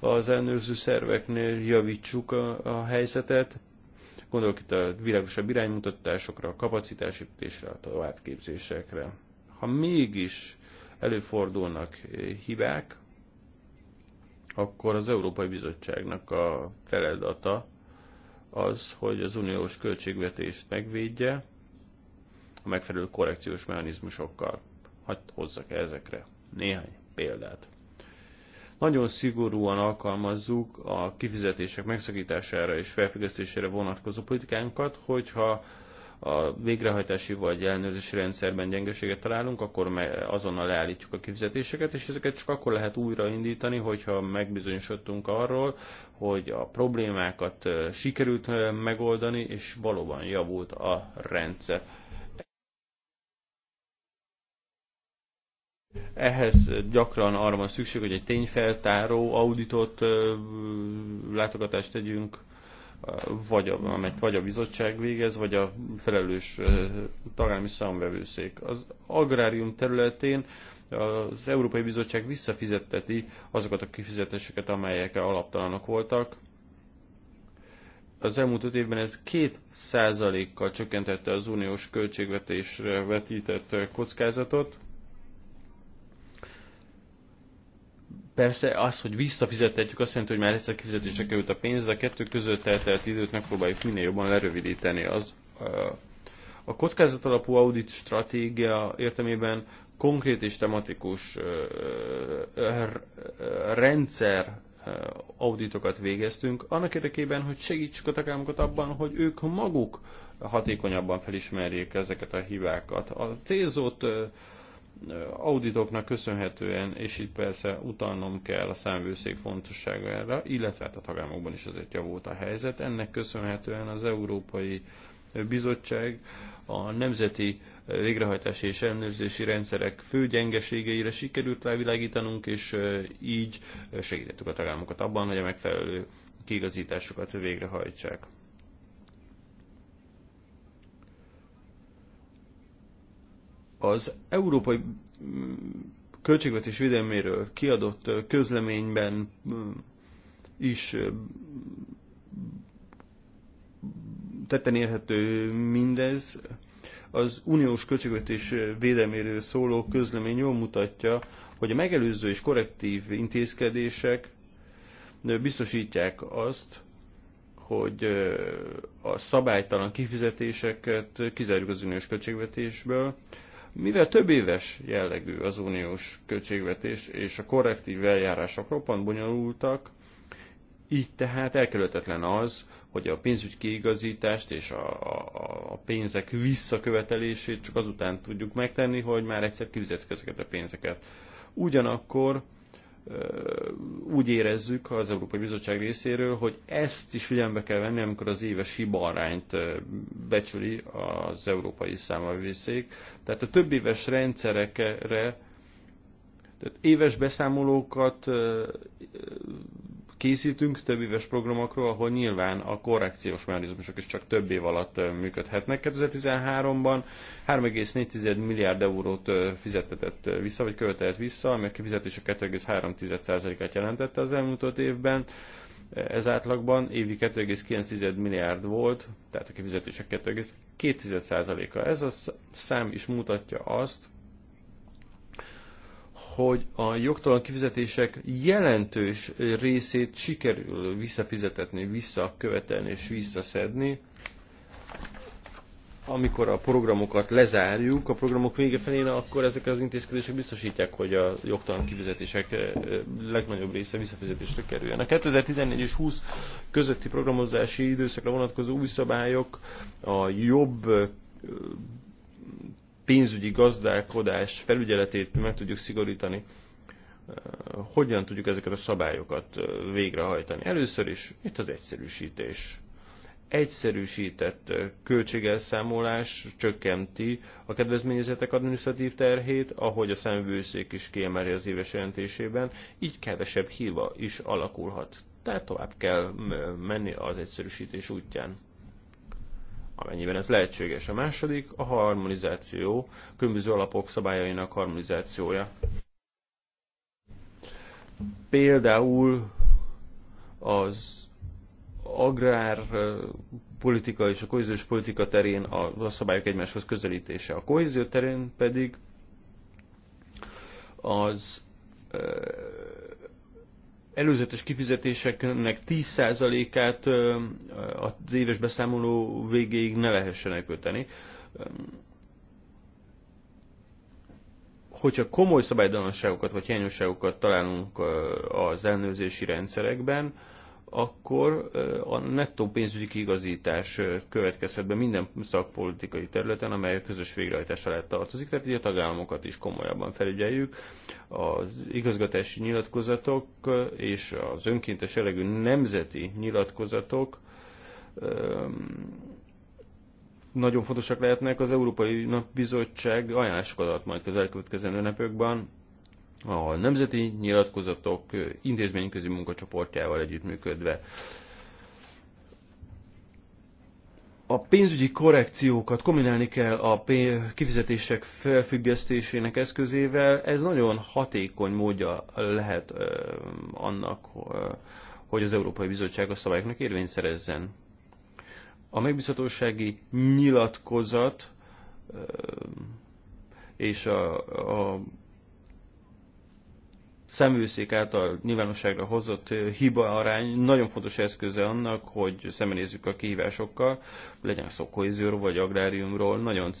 az ellenőrző szerveknél javítsuk a, a helyzetet. Gondolok itt a világosabb iránymutatásokra, a kapacitásítésre, a továbbképzésekre. Ha mégis előfordulnak hibák, akkor az Európai Bizottságnak a feladata az, hogy az uniós költségvetést megvédje, a megfelelő korrekciós mechanizmusokkal. Hadd hozzak -e ezekre néhány példát. Nagyon szigorúan alkalmazzuk a kifizetések megszakítására és felfüggesztésére vonatkozó politikánkat, hogyha a végrehajtási vagy ellenőrzési rendszerben gyengeséget találunk, akkor azonnal leállítjuk a kifizetéseket, és ezeket csak akkor lehet újraindítani, hogyha megbizonyosodtunk arról, hogy a problémákat sikerült megoldani, és valóban javult a rendszer. Ehhez gyakran arra van szükség, hogy egy tényfeltáró auditot látogatást tegyünk, vagy a, amelyet vagy a bizottság végez, vagy a felelős tagállami számvevőszék. Az agrárium területén az Európai Bizottság visszafizetteti azokat a kifizetéseket, amelyek alaptalanok voltak. Az elmúlt öt évben ez két százalékkal csökkentette az uniós költségvetésre vetített kockázatot. Persze az, hogy visszafizethetjük, azt jelenti, hogy már egyszer kifizetésre került a pénz, de a kettő között eltelt időt megpróbáljuk minél jobban lerövidíteni. Az, a kockázat alapú audit stratégia értelmében konkrét és tematikus rendszer auditokat végeztünk, annak érdekében, hogy segítsük a tagállamokat abban, hogy ők maguk hatékonyabban felismerjék ezeket a hibákat. A célzott auditoknak köszönhetően, és itt persze utalnom kell a számvőszék fontosságára, illetve hát a tagállamokban is azért javult a helyzet, ennek köszönhetően az Európai Bizottság a nemzeti végrehajtási és ellenőrzési rendszerek fő gyengeségeire sikerült rávilágítanunk, és így segítettük a tagállamokat abban, hogy a megfelelő kiigazításokat végrehajtsák. Az Európai mm, Költségvetés Védelméről kiadott közleményben mm, is tetten érhető mindez. Az uniós költségvetés védelméről szóló közlemény jól mutatja, hogy a megelőző és korrektív intézkedések biztosítják azt, hogy a szabálytalan kifizetéseket kizárjuk az uniós költségvetésből, mivel több éves jellegű az uniós költségvetés és a korrektív eljárások roppant bonyolultak, így tehát elkerülhetetlen az, hogy a pénzügy kiigazítást és a, a, a pénzek visszakövetelését csak azután tudjuk megtenni, hogy már egyszer kifizettük ezeket a pénzeket. Ugyanakkor úgy érezzük az Európai Bizottság részéről, hogy ezt is figyelembe kell venni, amikor az éves hibarányt becsüli az Európai Számlavészék. Tehát a több éves rendszerekre tehát éves beszámolókat készítünk több éves programokról, ahol nyilván a korrekciós mechanizmusok is csak több év alatt működhetnek. 2013-ban 3,4 milliárd eurót fizetett vissza, vagy követelt vissza, ami a kifizetés a 2,3%-át jelentette az elmúlt évben. Ez átlagban évi 2,9 milliárd volt, tehát a kifizetések 2,2%-a. Ez a szám is mutatja azt, hogy a jogtalan kifizetések jelentős részét sikerül visszafizetetni, visszakövetelni és visszaszedni. Amikor a programokat lezárjuk, a programok vége felén, akkor ezek az intézkedések biztosítják, hogy a jogtalan kifizetések eh, legnagyobb része visszafizetésre kerüljön. A 2014 és 20 közötti programozási időszakra vonatkozó új szabályok a jobb eh, pénzügyi gazdálkodás felügyeletét meg tudjuk szigorítani, eh, hogyan tudjuk ezeket a szabályokat eh, végrehajtani. Először is itt az egyszerűsítés. Egyszerűsített eh, költségelszámolás csökkenti a kedvezményezetek adminisztratív terhét, ahogy a szemvőszék is kiemeli az éves jelentésében, így kevesebb hiba is alakulhat. Tehát tovább kell menni az egyszerűsítés útján amennyiben ez lehetséges. A második a harmonizáció, a különböző alapok szabályainak harmonizációja. Például az agrárpolitika és a kohéziós politika terén a szabályok egymáshoz közelítése. A kohézió terén pedig az előzetes kifizetéseknek 10%-át az éves beszámoló végéig ne lehessen elköteni. Hogyha komoly szabálytalanságokat vagy hiányosságokat találunk az ellenőrzési rendszerekben, akkor a nettó pénzügyi kigazítás következhet be minden szakpolitikai területen, amely a közös végrehajtás alá tartozik, tehát így a tagállamokat is komolyabban felügyeljük. Az igazgatási nyilatkozatok és az önkéntes elegű nemzeti nyilatkozatok nagyon fontosak lehetnek. Az Európai Bizottság ajánlásokat ad majd az elkövetkező napokban a nemzeti nyilatkozatok intézményközi munkacsoportjával együttműködve. A pénzügyi korrekciókat kombinálni kell a kifizetések felfüggesztésének eszközével. Ez nagyon hatékony módja lehet annak, hogy az Európai Bizottság a szabályoknak érvényt szerezzen. A megbízhatósági nyilatkozat és a, a szemőszék által nyilvánosságra hozott hiba arány nagyon fontos eszköze annak, hogy szemenézzük a kihívásokkal, legyen szó kohézióról vagy agráriumról, nagyon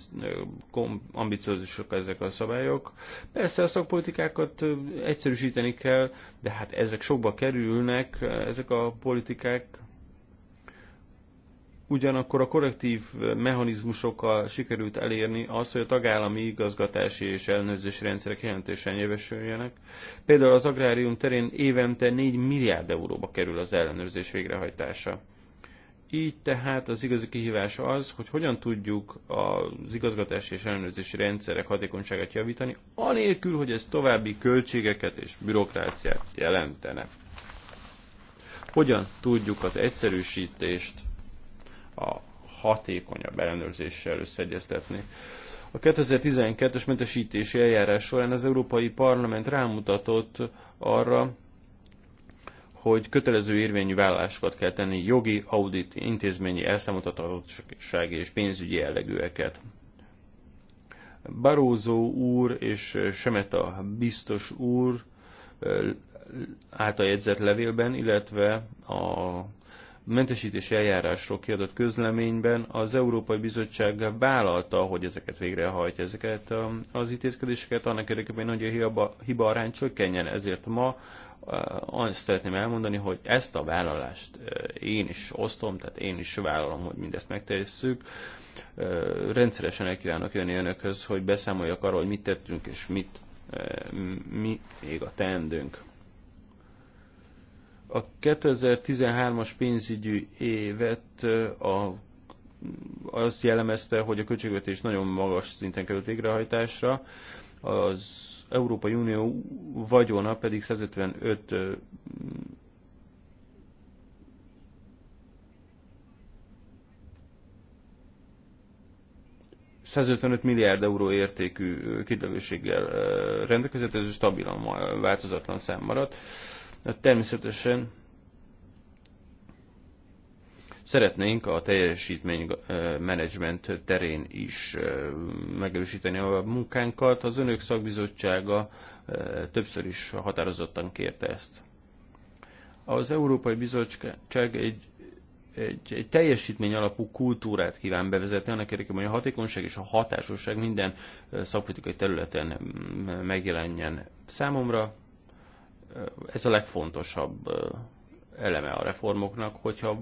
ambiciózusok ezek a szabályok. Persze a szakpolitikákat egyszerűsíteni kell, de hát ezek sokba kerülnek, ezek a politikák Ugyanakkor a korrektív mechanizmusokkal sikerült elérni azt, hogy a tagállami igazgatási és ellenőrzési rendszerek jelentősen jövesüljenek. Például az agrárium terén évente 4 milliárd euróba kerül az ellenőrzés végrehajtása. Így tehát az igazi kihívás az, hogy hogyan tudjuk az igazgatási és ellenőrzési rendszerek hatékonyságát javítani, anélkül, hogy ez további költségeket és bürokráciát jelentene. Hogyan tudjuk az egyszerűsítést a hatékonyabb ellenőrzéssel összeegyeztetni. A 2012-es mentesítési eljárás során az Európai Parlament rámutatott arra, hogy kötelező érvényű vállásokat kell tenni jogi, audit, intézményi elszámoltatottsági és pénzügyi jellegűeket. Barózó úr és Semeta biztos úr által jegyzett levélben, illetve a mentesítési eljárásról kiadott közleményben az Európai Bizottság vállalta, hogy ezeket végrehajtja, ezeket um, az intézkedéseket annak érdekében, hogy a hiba, hiba arány csökkenjen. Ezért ma uh, azt szeretném elmondani, hogy ezt a vállalást uh, én is osztom, tehát én is vállalom, hogy mindezt megtesszük. Uh, rendszeresen elkívánok jönni önökhöz, hogy beszámoljak arról, hogy mit tettünk és mit mi még a teendőnk. A 2013-as pénzügyi évet a, azt jellemezte, hogy a költségvetés nagyon magas szinten került végrehajtásra, az Európai Unió vagyona pedig 155 155 milliárd euró értékű kidevőséggel rendelkezett, ez stabilan változatlan szám maradt de hát természetesen szeretnénk a teljesítmény menedzsment terén is megerősíteni a munkánkat. Az önök szakbizottsága többször is határozottan kérte ezt. Az Európai Bizottság egy egy, egy teljesítmény alapú kultúrát kíván bevezetni, annak érdekében, hogy a hatékonyság és a hatásosság minden szakpolitikai területen megjelenjen számomra ez a legfontosabb eleme a reformoknak, hogyha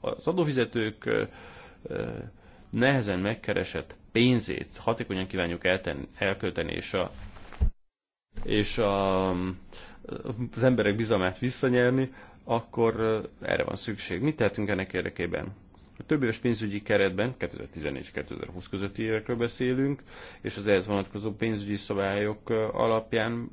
az adófizetők nehezen megkeresett pénzét hatékonyan kívánjuk elkölteni, és a, és a, az emberek bizalmát visszanyerni, akkor erre van szükség. Mit tehetünk ennek érdekében? A több éves pénzügyi keretben, 2014 2020 közötti évekről beszélünk, és az ehhez vonatkozó pénzügyi szabályok alapján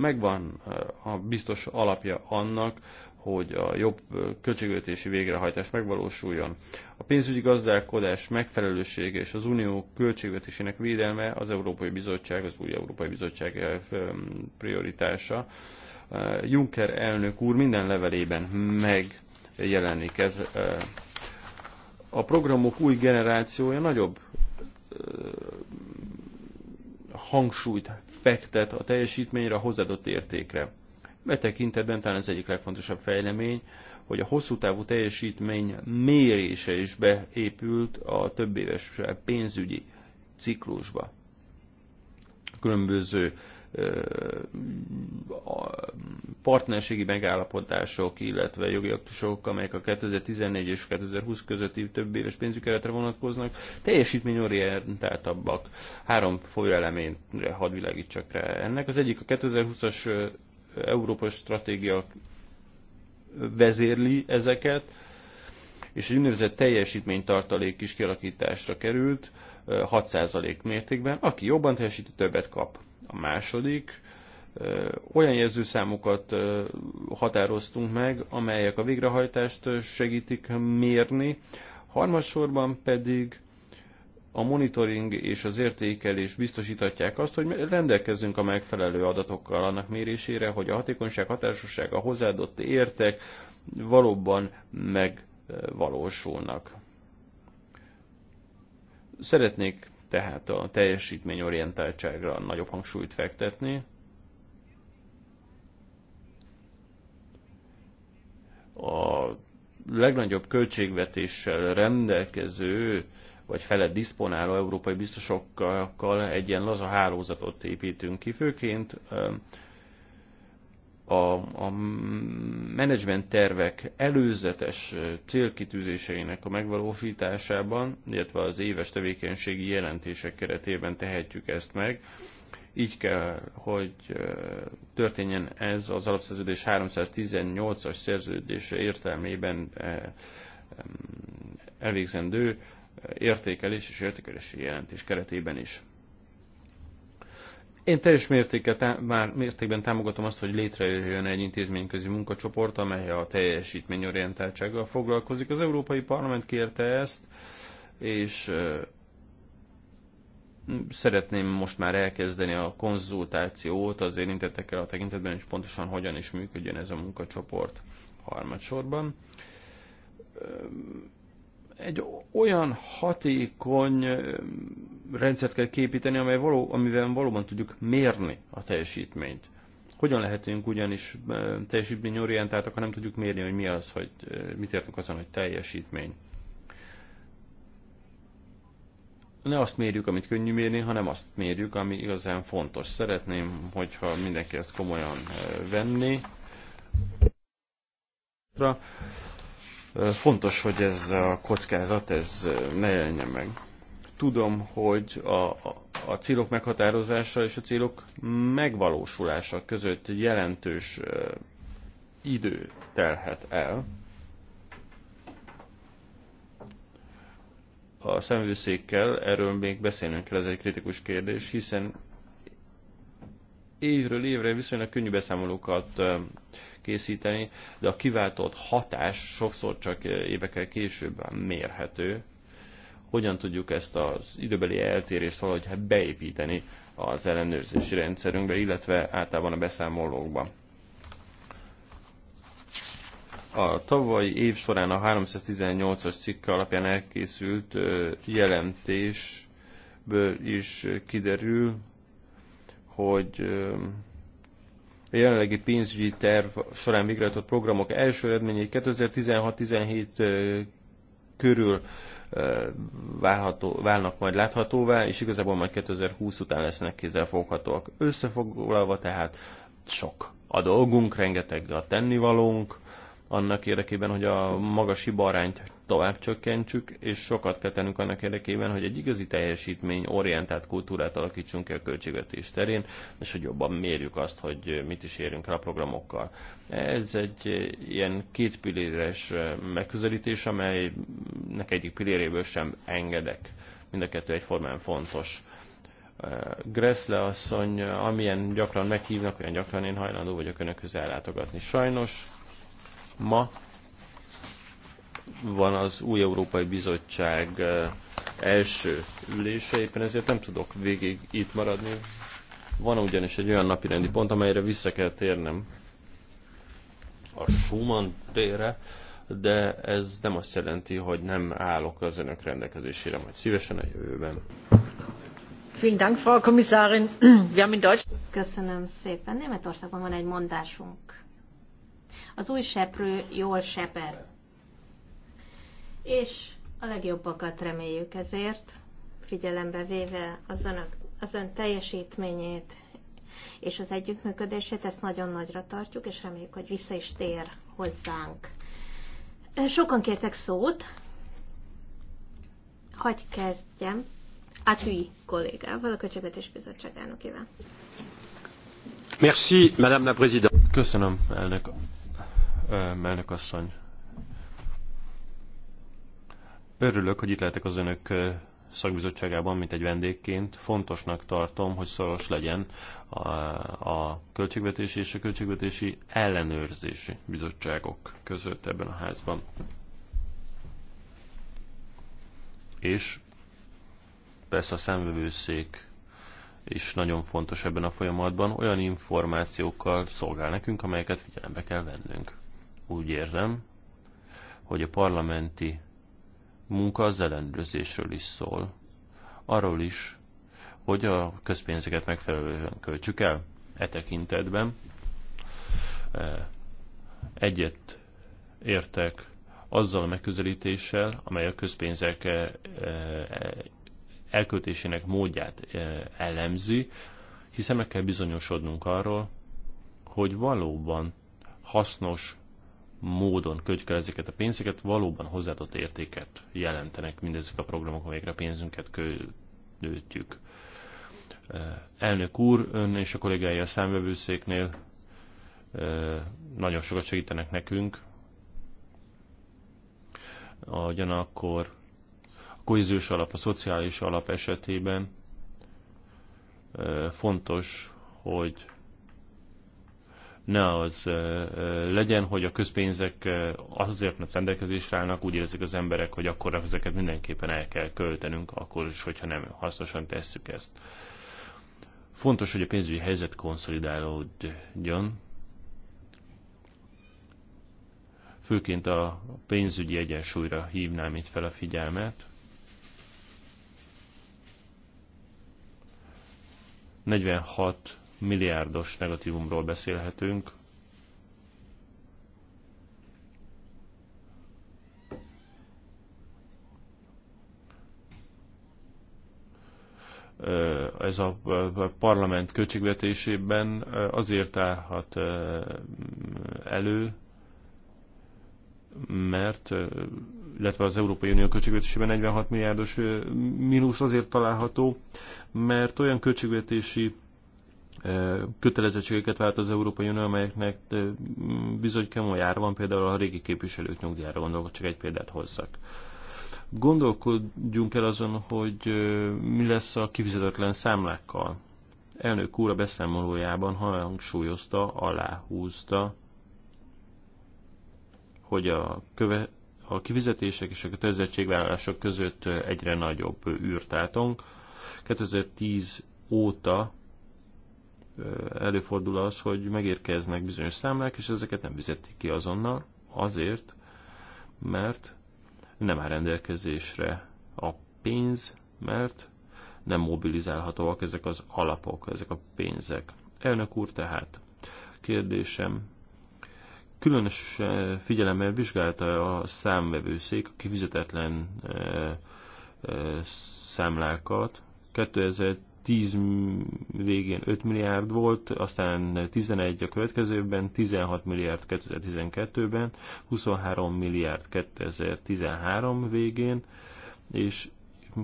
megvan eh, a biztos alapja annak, hogy a jobb eh, költségvetési végrehajtás megvalósuljon. A pénzügyi gazdálkodás megfelelősége és az unió költségvetésének védelme az Európai Bizottság, az új Európai Bizottság eh, prioritása. Juncker elnök úr minden levelében megjelenik ez. A programok új generációja nagyobb hangsúlyt fektet a teljesítményre, a hozzáadott értékre. Betekintetben talán az egyik legfontosabb fejlemény, hogy a hosszú távú teljesítmény mérése is beépült a több éves pénzügyi ciklusba. Különböző partnerségi megállapodások, illetve jogi aktusok, amelyek a 2014 és 2020 közötti több éves pénzükeretre vonatkoznak, teljesítményorientáltabbak. Három folyóelemén hadd világítsak rá. Ennek az egyik a 2020-as európai stratégia vezérli ezeket, és egy úgynevezett teljesítménytartalék is kialakításra került 6% mértékben. Aki jobban teljesíti, többet kap. A második, olyan jelzőszámokat határoztunk meg, amelyek a végrehajtást segítik mérni, harmadsorban pedig a monitoring és az értékelés biztosítatják azt, hogy rendelkezünk a megfelelő adatokkal annak mérésére, hogy a hatékonyság, hatásosság, a hozzáadott értek valóban megvalósulnak. Szeretnék tehát a teljesítményorientáltságra nagyobb hangsúlyt fektetni. A legnagyobb költségvetéssel rendelkező vagy felett diszponáló európai biztosokkal egy ilyen laza hálózatot építünk ki, főként a, a menedzsment tervek előzetes célkitűzéseinek a megvalósításában, illetve az éves tevékenységi jelentések keretében tehetjük ezt meg. Így kell, hogy történjen ez az alapszerződés 318-as szerződése értelmében elvégzendő értékelés és értékelési jelentés keretében is. Én teljes már mértékben támogatom azt, hogy létrejöjjön egy intézményközi munkacsoport, amely a teljesítményorientáltsággal foglalkozik. Az Európai Parlament kérte ezt, és szeretném most már elkezdeni a konzultációt az érintettekkel a tekintetben, és pontosan hogyan is működjön ez a munkacsoport harmadsorban egy olyan hatékony rendszert kell képíteni, amely való, amivel valóban tudjuk mérni a teljesítményt. Hogyan lehetünk ugyanis teljesítményorientáltak, ha nem tudjuk mérni, hogy mi az, hogy mit értünk azon, hogy teljesítmény. Ne azt mérjük, amit könnyű mérni, hanem azt mérjük, ami igazán fontos. Szeretném, hogyha mindenki ezt komolyan venni. Fontos, hogy ez a kockázat, ez ne jelenjen meg. Tudom, hogy a, a célok meghatározása és a célok megvalósulása között jelentős idő telhet el. A szemvőszékkel erről még beszélnünk kell, ez egy kritikus kérdés, hiszen évről évre viszonylag könnyű beszámolókat készíteni, de a kiváltott hatás sokszor csak évekkel később mérhető. Hogyan tudjuk ezt az időbeli eltérést valahogy hát beépíteni az ellenőrzési rendszerünkbe, illetve általában a beszámolókba. A tavalyi év során a 318-as cikke alapján elkészült jelentésből is kiderül, hogy a jelenlegi pénzügyi terv során végrehajtott programok első eredményei 2016-17 körül válható, válnak majd láthatóvá, és igazából majd 2020 után lesznek kézzelfoghatóak. Összefoglalva tehát sok a dolgunk, rengeteg a tennivalónk, annak érdekében, hogy a magas hibarányt tovább csökkentsük, és sokat kell tennünk annak érdekében, hogy egy igazi teljesítmény orientált kultúrát alakítsunk el a költségvetés terén, és hogy jobban mérjük azt, hogy mit is érünk el a programokkal. Ez egy ilyen két pilléres megközelítés, amelynek egyik pilléréből sem engedek. Mind a kettő egyformán fontos. Gressle asszony, amilyen gyakran meghívnak, olyan gyakran én hajlandó vagyok önökhöz ellátogatni. Sajnos Ma van az új Európai Bizottság eh, első ülése, éppen ezért nem tudok végig itt maradni. Van ugyanis egy olyan napirendi pont, amelyre vissza kell térnem a Schumann tére, de ez nem azt jelenti, hogy nem állok az önök rendelkezésére majd szívesen a jövőben. Köszönöm szépen. Németországban van egy mondásunk. Az új seprő jól seper. És a legjobbakat reméljük ezért, figyelembe véve az, önök, az ön teljesítményét és az együttműködését, ezt nagyon nagyra tartjuk, és reméljük, hogy vissza is tér hozzánk. Sokan kértek szót. Hagy kezdjem. Átüi kollégával, a Költségvetés Bizottság elnökével. Merci, Madame la Présidente. Köszönöm, elnök Melnök asszony. Örülök, hogy itt lehetek az önök szakbizottságában, mint egy vendégként. Fontosnak tartom, hogy szoros legyen a, a költségvetési és a költségvetési ellenőrzési bizottságok között ebben a házban. És persze a szemvevőszék is nagyon fontos ebben a folyamatban, olyan információkkal szolgál nekünk, amelyeket figyelembe kell vennünk úgy érzem, hogy a parlamenti munka az ellenőrzésről is szól. Arról is, hogy a közpénzeket megfelelően költsük el. E tekintetben e, egyet értek azzal a megközelítéssel, amely a közpénzek e, e, elköltésének módját elemzi, hiszen meg kell bizonyosodnunk arról, hogy valóban hasznos módon költjük el ezeket a pénzeket, valóban hozzáadott értéket jelentenek mindezek a programok, amelyekre pénzünket költjük. Eh, elnök úr, ön és a kollégái a számvevőszéknél eh, nagyon sokat segítenek nekünk. Ugyanakkor a kohéziós alap, a szociális alap esetében eh, fontos, hogy ne az legyen, hogy a közpénzek azért nem rendelkezésre állnak, úgy érzik az emberek, hogy akkor ezeket mindenképpen el kell költenünk, akkor is, hogyha nem hasznosan tesszük ezt. Fontos, hogy a pénzügyi helyzet konszolidálódjon, főként a pénzügyi egyensúlyra hívnám itt fel a figyelmet. 46 milliárdos negatívumról beszélhetünk. Ez a parlament költségvetésében azért állhat elő, mert, illetve az Európai Unió költségvetésében 46 milliárdos mínusz azért található, mert olyan költségvetési kötelezettségeket vált az Európai Unió, amelyeknek bizony kemoly ára van, például a régi képviselők nyugdíjára gondolok, csak egy példát hozzak. Gondolkodjunk el azon, hogy mi lesz a kifizetetlen számlákkal. Elnök úr a beszámolójában hangsúlyozta, aláhúzta, hogy a, köve, a kifizetések és a kötelezettségvállalások között egyre nagyobb űrtátunk. 2010 óta előfordul az, hogy megérkeznek bizonyos számlák, és ezeket nem fizetik ki azonnal, azért, mert nem áll rendelkezésre a pénz, mert nem mobilizálhatóak ezek az alapok, ezek a pénzek. Elnök úr, tehát kérdésem, különös figyelemmel vizsgálta a számvevőszék a kifizetetlen számlákat. 2000 10 végén 5 milliárd volt, aztán 11 a következőben, 16 milliárd 2012-ben, 23 milliárd 2013 végén, és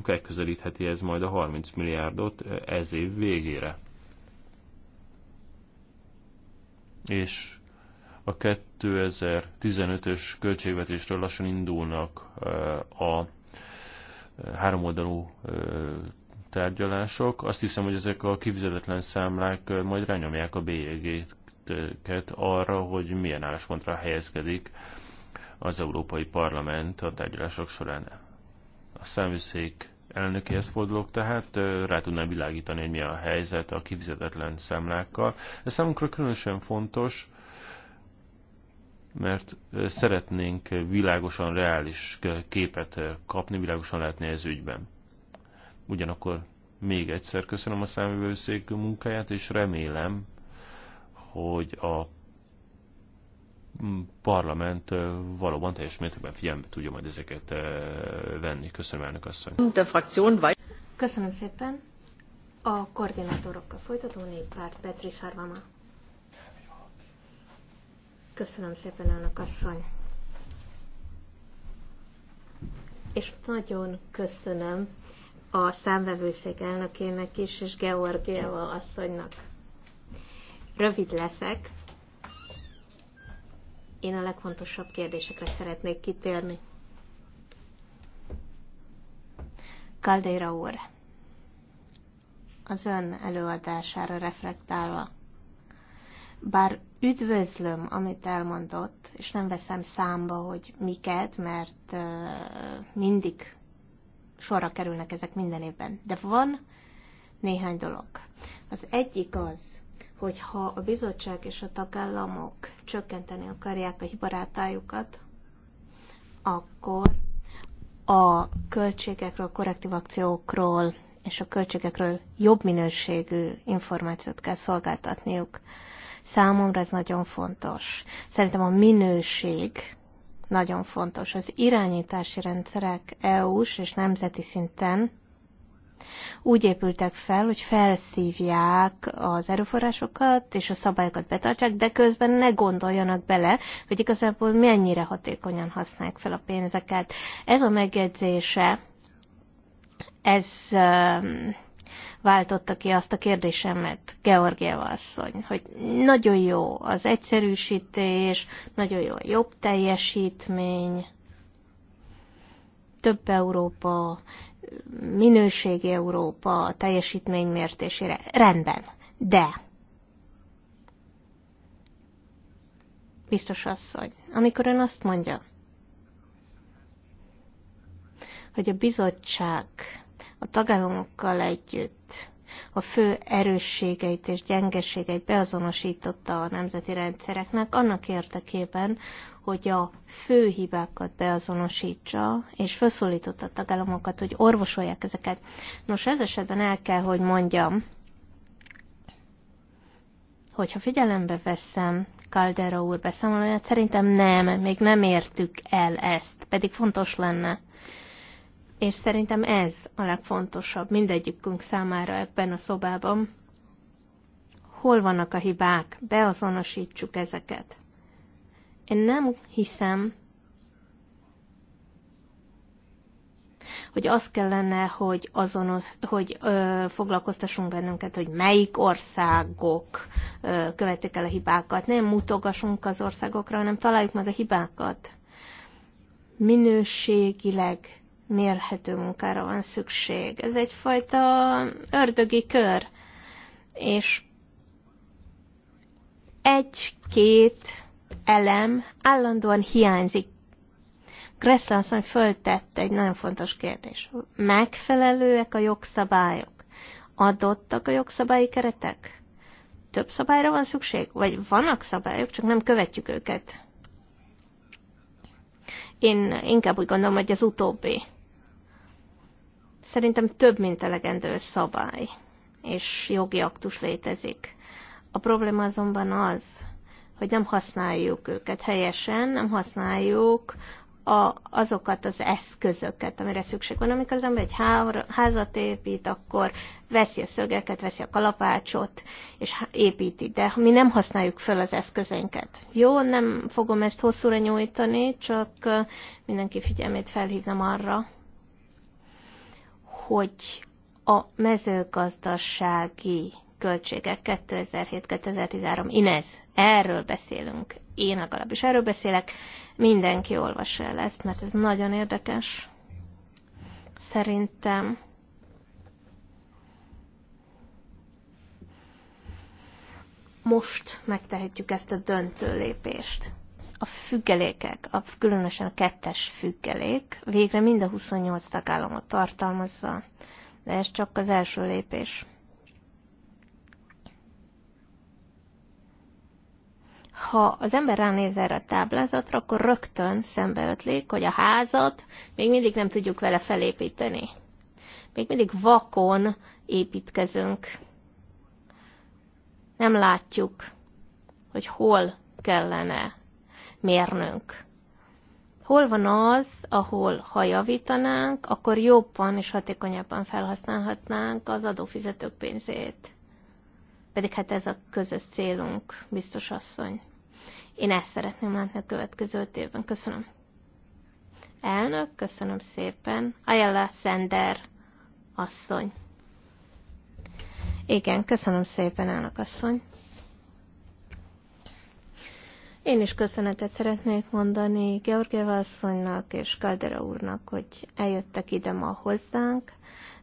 megközelítheti ez majd a 30 milliárdot ez év végére. És a 2015-ös költségvetésről lassan indulnak eh, a eh, háromoldalú eh, tárgyalások. Azt hiszem, hogy ezek a kifizetetlen számlák majd rányomják a bélyegéket arra, hogy milyen álláspontra helyezkedik az Európai Parlament a tárgyalások során. A számviszék elnökéhez fordulok tehát, rá tudná világítani, hogy mi a helyzet a kifizetetlen számlákkal. Ez számunkra különösen fontos, mert szeretnénk világosan reális képet kapni, világosan látni ez ügyben. Ugyanakkor még egyszer köszönöm a számvevőszék munkáját, és remélem, hogy a parlament valóban teljes mértékben figyelembe tudja majd ezeket venni. Köszönöm, elnök asszony. Köszönöm szépen. A koordinátorokkal folytató néppárt Petri Szárvama. Köszönöm szépen, elnök asszony. És nagyon köszönöm a számvevőszék elnökének is, és Georgieva asszonynak. Rövid leszek. Én a legfontosabb kérdésekre szeretnék kitérni. Caldeira úr, az ön előadására reflektálva, bár üdvözlöm, amit elmondott, és nem veszem számba, hogy miket, mert mindig sorra kerülnek ezek minden évben. De van néhány dolog. Az egyik az, hogy ha a bizottság és a tagállamok csökkenteni akarják a hibarátájukat, akkor a költségekről, korrektív akciókról és a költségekről jobb minőségű információt kell szolgáltatniuk. Számomra ez nagyon fontos. Szerintem a minőség nagyon fontos. Az irányítási rendszerek EU-s és nemzeti szinten úgy épültek fel, hogy felszívják az erőforrásokat és a szabályokat betartsák, de közben ne gondoljanak bele, hogy igazából mennyire hatékonyan használják fel a pénzeket. Ez a megjegyzése, ez um, váltotta ki azt a kérdésemet Georgieva asszony, hogy nagyon jó az egyszerűsítés, nagyon jó a jobb teljesítmény, több Európa, minőségi Európa a teljesítmény mértésére. Rendben, de biztos asszony, amikor ön azt mondja, hogy a bizottság a tagállamokkal együtt a fő erősségeit és gyengeségeit beazonosította a nemzeti rendszereknek annak érdekében, hogy a fő hibákat beazonosítsa, és felszólította a tagállamokat, hogy orvosolják ezeket. Nos, ez esetben el kell, hogy mondjam, hogyha figyelembe veszem Caldera úr beszámolóját, szerintem nem, még nem értük el ezt, pedig fontos lenne. És szerintem ez a legfontosabb mindegyikünk számára ebben a szobában. Hol vannak a hibák? Beazonosítsuk ezeket. Én nem hiszem, hogy az kellene, hogy, azon, hogy ö, foglalkoztassunk bennünket, hogy melyik országok ö, követik el a hibákat. Nem mutogassunk az országokra, hanem találjuk meg a hibákat. Minőségileg mérhető munkára van szükség. Ez egyfajta ördögi kör. És egy-két elem állandóan hiányzik. Gressel asszony föltette egy nagyon fontos kérdés. Megfelelőek a jogszabályok? Adottak a jogszabályi keretek? Több szabályra van szükség? Vagy vannak szabályok, csak nem követjük őket? Én inkább úgy gondolom, hogy az utóbbi. Szerintem több, mint elegendő szabály és jogi aktus létezik. A probléma azonban az, hogy nem használjuk őket helyesen, nem használjuk a, azokat az eszközöket, amire szükség van. Amikor az ember egy házat épít, akkor veszi a szögeket, veszi a kalapácsot, és építi, de mi nem használjuk fel az eszközeinket. Jó, nem fogom ezt hosszúra nyújtani, csak mindenki figyelmét felhívnám arra, hogy a mezőgazdasági költségek 2007-2013. Inez, erről beszélünk. Én legalábbis erről beszélek. Mindenki olvassa el ezt, mert ez nagyon érdekes. Szerintem most megtehetjük ezt a döntő lépést a függelékek, a, különösen a kettes függelék végre mind a 28 tagállamot tartalmazza, de ez csak az első lépés. ha az ember ránéz erre a táblázatra, akkor rögtön szembeötlik, hogy a házat még mindig nem tudjuk vele felépíteni. Még mindig vakon építkezünk. Nem látjuk, hogy hol kellene mérnünk. Hol van az, ahol ha javítanánk, akkor jobban és hatékonyabban felhasználhatnánk az adófizetők pénzét. Pedig hát ez a közös célunk, biztos asszony. Én ezt szeretném látni a következő öt évben. Köszönöm. Elnök, köszönöm szépen. Ajala Szender asszony. Igen, köszönöm szépen, elnök asszony. Én is köszönetet szeretnék mondani Georgieva asszonynak és Kaldera úrnak, hogy eljöttek ide ma hozzánk.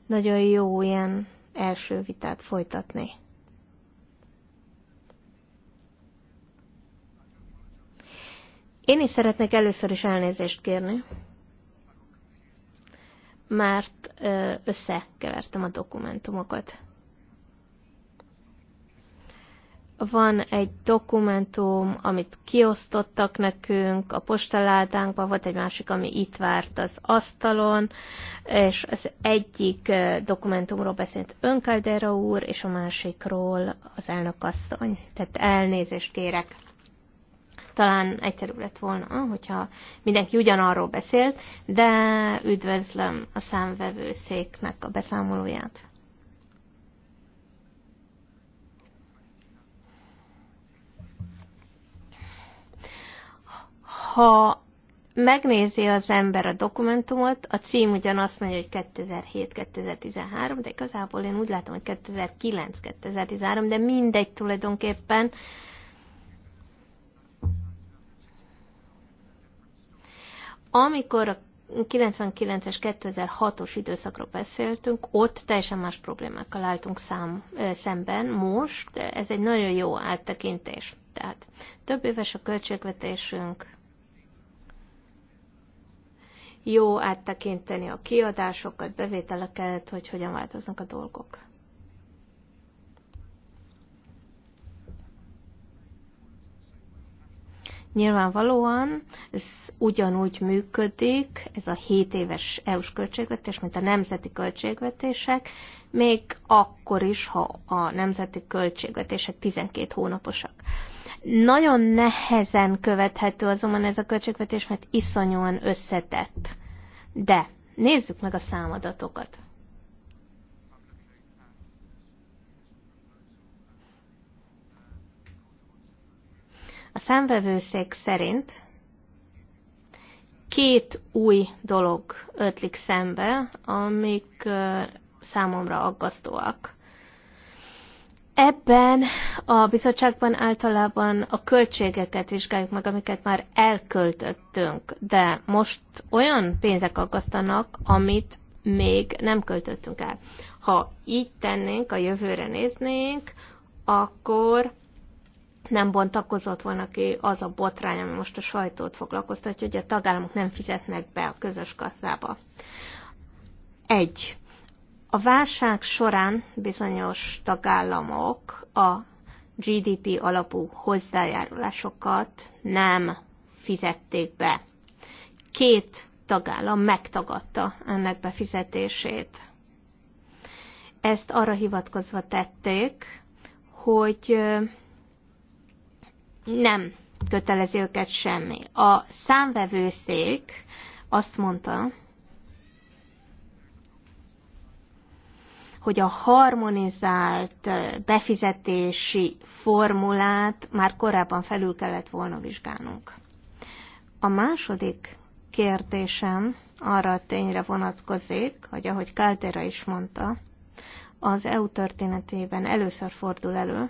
Nagyon jó ilyen első vitát folytatni. Én is szeretnék először is elnézést kérni, mert összekevertem a dokumentumokat. Van egy dokumentum, amit kiosztottak nekünk a postaládánkban, volt egy másik, ami itt várt az asztalon, és az egyik dokumentumról beszélt Önkeldera úr, és a másikról az elnökasszony. Tehát elnézést kérek talán egyszerűbb lett volna, hogyha mindenki ugyanarról beszélt, de üdvözlöm a számvevőszéknek a beszámolóját. ha megnézi az ember a dokumentumot, a cím azt mondja, hogy 2007-2013, de igazából én úgy látom, hogy 2009-2013, de mindegy tulajdonképpen. Amikor a 99-es, 2006-os időszakról beszéltünk, ott teljesen más problémákkal álltunk szám, szemben most, ez egy nagyon jó áttekintés. Tehát több éves a költségvetésünk, jó áttekinteni a kiadásokat, bevételeket, hogy hogyan változnak a dolgok. Nyilvánvalóan ez ugyanúgy működik, ez a 7 éves EU-s költségvetés, mint a nemzeti költségvetések, még akkor is, ha a nemzeti költségvetések 12 hónaposak. Nagyon nehezen követhető azonban ez a költségvetés, mert iszonyúan összetett. De nézzük meg a számadatokat. A számvevőszék szerint két új dolog ötlik szembe, amik számomra aggasztóak. Ebben a bizottságban általában a költségeket vizsgáljuk meg, amiket már elköltöttünk, de most olyan pénzek aggasztanak, amit még nem költöttünk el. Ha így tennénk, a jövőre néznénk, akkor nem bontakozott volna ki az a botrány, ami most a sajtót foglalkoztatja, hogy a tagállamok nem fizetnek be a közös kasszába. Egy. A válság során bizonyos tagállamok a GDP alapú hozzájárulásokat nem fizették be. Két tagállam megtagadta ennek befizetését. Ezt arra hivatkozva tették, hogy nem kötelezi őket semmi. A számvevőszék azt mondta, hogy a harmonizált befizetési formulát már korábban felül kellett volna vizsgálnunk. A második kérdésem arra a tényre vonatkozik, hogy ahogy Caldera is mondta, az EU történetében először fordul elő,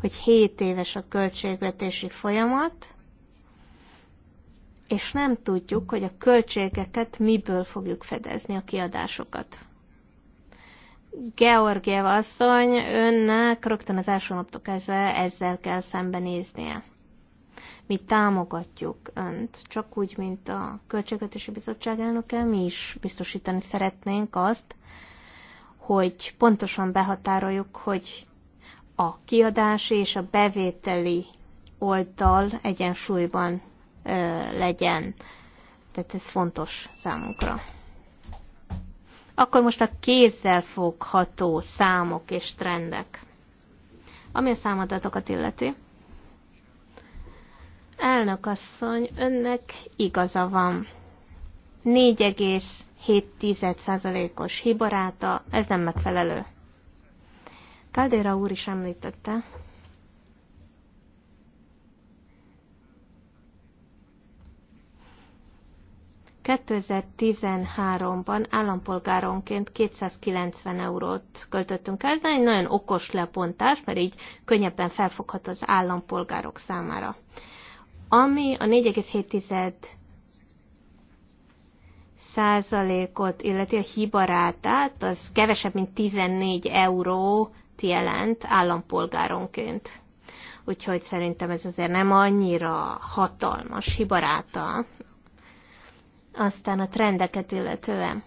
hogy 7 éves a költségvetési folyamat, és nem tudjuk, hogy a költségeket miből fogjuk fedezni a kiadásokat. Georgiev asszony, önnek rögtön az első naptól kezdve ezzel kell szembenéznie. Mi támogatjuk önt, csak úgy, mint a Költségvetési Bizottság elnöke, mi is biztosítani szeretnénk azt, hogy pontosan behatároljuk, hogy a kiadási és a bevételi oldal egyensúlyban legyen. Tehát ez fontos számunkra. Akkor most a fogható számok és trendek. Ami a számadatokat illeti. Elnök asszony, önnek igaza van. 4,7%-os hibaráta, ez nem megfelelő. Kaldéra úr is említette, 2013-ban állampolgáronként 290 eurót költöttünk el. Ez egy nagyon okos lepontás, mert így könnyebben felfogható az állampolgárok számára. Ami a 4,7 százalékot, illeti a hibarátát, az kevesebb, mint 14 eurót jelent állampolgáronként. Úgyhogy szerintem ez azért nem annyira hatalmas hibaráta aztán a trendeket illetően.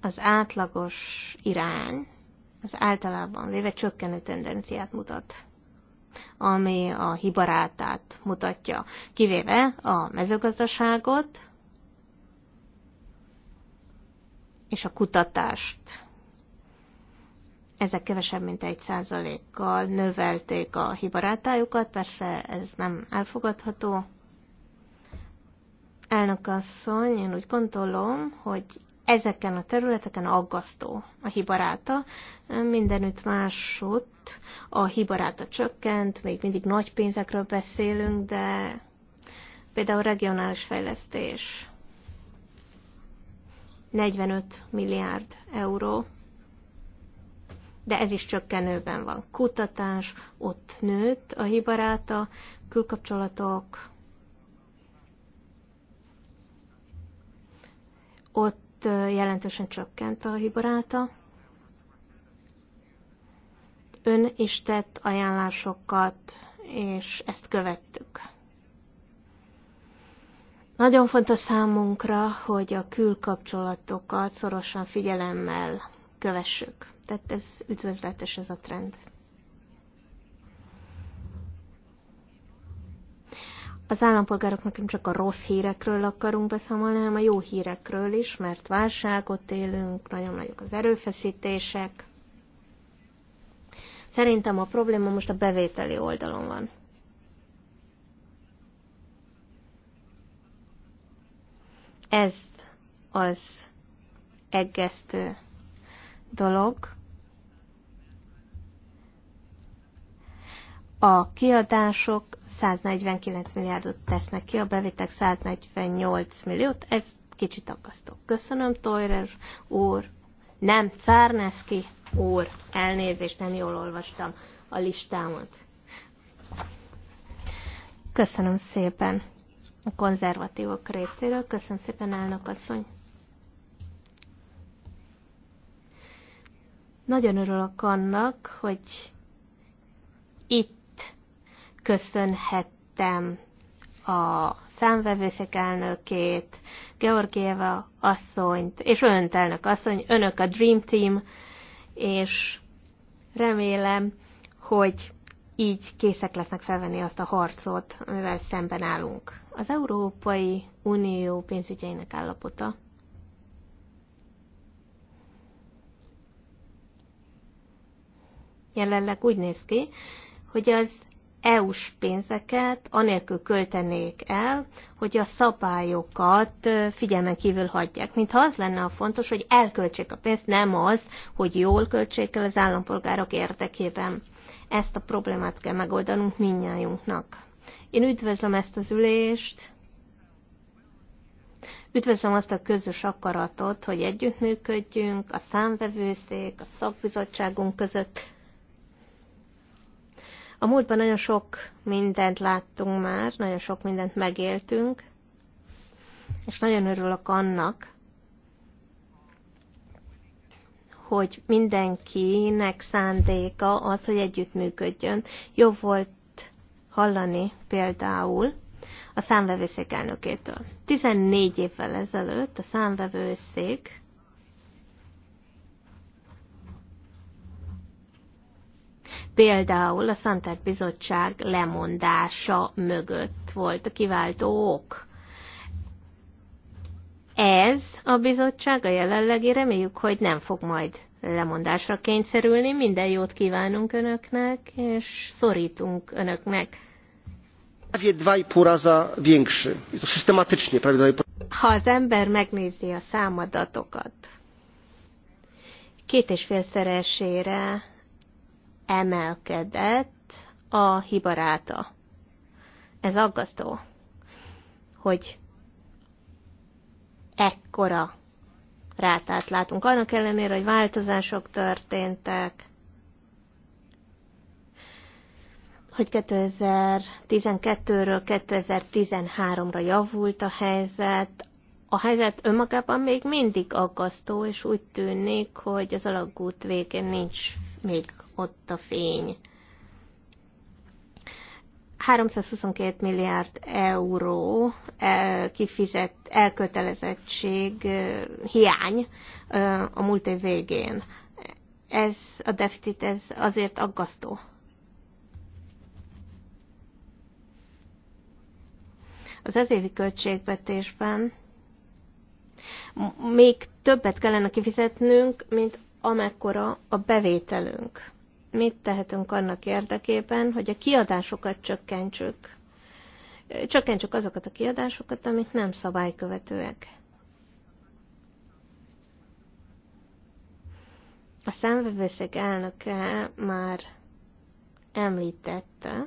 Az átlagos irány az általában véve csökkenő tendenciát mutat, ami a hibarátát mutatja, kivéve a mezőgazdaságot és a kutatást ezek kevesebb, mint egy százalékkal növelték a hibarátájukat, persze ez nem elfogadható. Elnök asszony, én úgy gondolom, hogy ezeken a területeken aggasztó a hibaráta. Mindenütt másutt a hibaráta csökkent, még mindig nagy pénzekről beszélünk, de például regionális fejlesztés 45 milliárd euró de ez is csökkenőben van. Kutatás, ott nőtt a hibaráta, külkapcsolatok, ott jelentősen csökkent a hibaráta. Ön is tett ajánlásokat, és ezt követtük. Nagyon fontos számunkra, hogy a külkapcsolatokat szorosan figyelemmel kövessük. Tehát ez üdvözletes ez a trend. Az állampolgároknak nem csak a rossz hírekről akarunk beszámolni, hanem a jó hírekről is, mert válságot élünk, nagyon nagyok az erőfeszítések. Szerintem a probléma most a bevételi oldalon van. Ez az eggesztő dolog. A kiadások 149 milliárdot tesznek ki, a bevétek 148 milliót, ez kicsit aggasztó. Köszönöm, Toyer úr. Nem, Czárneszki úr. Elnézést, nem jól olvastam a listámat. Köszönöm szépen a konzervatívok részéről. Köszönöm szépen, elnök asszony. Nagyon örülök annak, hogy itt köszönhettem a számvevőszék elnökét, Georgieva asszonyt, és önt elnök asszony, önök a Dream Team, és remélem, hogy így készek lesznek felvenni azt a harcot, amivel szemben állunk. Az Európai Unió pénzügyeinek állapota jelenleg úgy néz ki, hogy az EU-s pénzeket anélkül költenék el, hogy a szabályokat figyelmen kívül hagyják. Mintha az lenne a fontos, hogy elköltsék a pénzt, nem az, hogy jól költsék el az állampolgárok érdekében. Ezt a problémát kell megoldanunk minnyájunknak. Én üdvözlöm ezt az ülést, Üdvözlöm azt a közös akaratot, hogy együttműködjünk a számvevőszék, a szakbizottságunk között, a múltban nagyon sok mindent láttunk már, nagyon sok mindent megéltünk, és nagyon örülök annak, hogy mindenkinek szándéka az, hogy együttműködjön. Jó volt hallani például a számvevőszék elnökétől. 14 évvel ezelőtt a számvevőszék Például a Szantár Bizottság lemondása mögött volt a kiváltó ok. Ez a bizottság a jelenlegi, reméljük, hogy nem fog majd lemondásra kényszerülni. Minden jót kívánunk önöknek, és szorítunk önöknek. Ha az ember megnézi a számadatokat, két és félszeresére emelkedett a hibaráta. Ez aggasztó, hogy ekkora rátát látunk. Annak ellenére, hogy változások történtek, hogy 2012-ről 2013-ra javult a helyzet. A helyzet önmagában még mindig aggasztó, és úgy tűnik, hogy az alagút végén nincs még ott a fény. 322 milliárd euró kifizett elkötelezettség hiány a múlt év végén. Ez a deficit ez azért aggasztó. Az ezévi költségvetésben még többet kellene kifizetnünk, mint amekkora a bevételünk mit tehetünk annak érdekében, hogy a kiadásokat csökkentsük. Csökkentsük azokat a kiadásokat, amik nem szabálykövetőek. A számvevőszék elnöke már említette,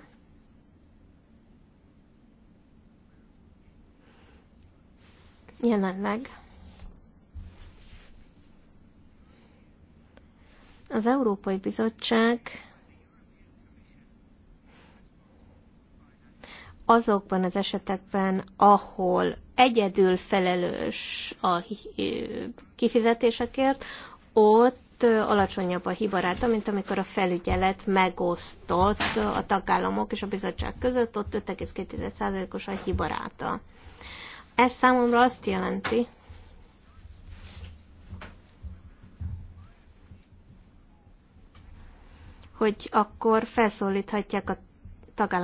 jelenleg Az Európai Bizottság azokban az esetekben, ahol egyedül felelős a kifizetésekért, ott alacsonyabb a hibarát, mint amikor a felügyelet megosztott a tagállamok és a bizottság között, ott 5,2%-os a hibaráta. Ez számomra azt jelenti, hogy akkor felszólthatják a tagállamok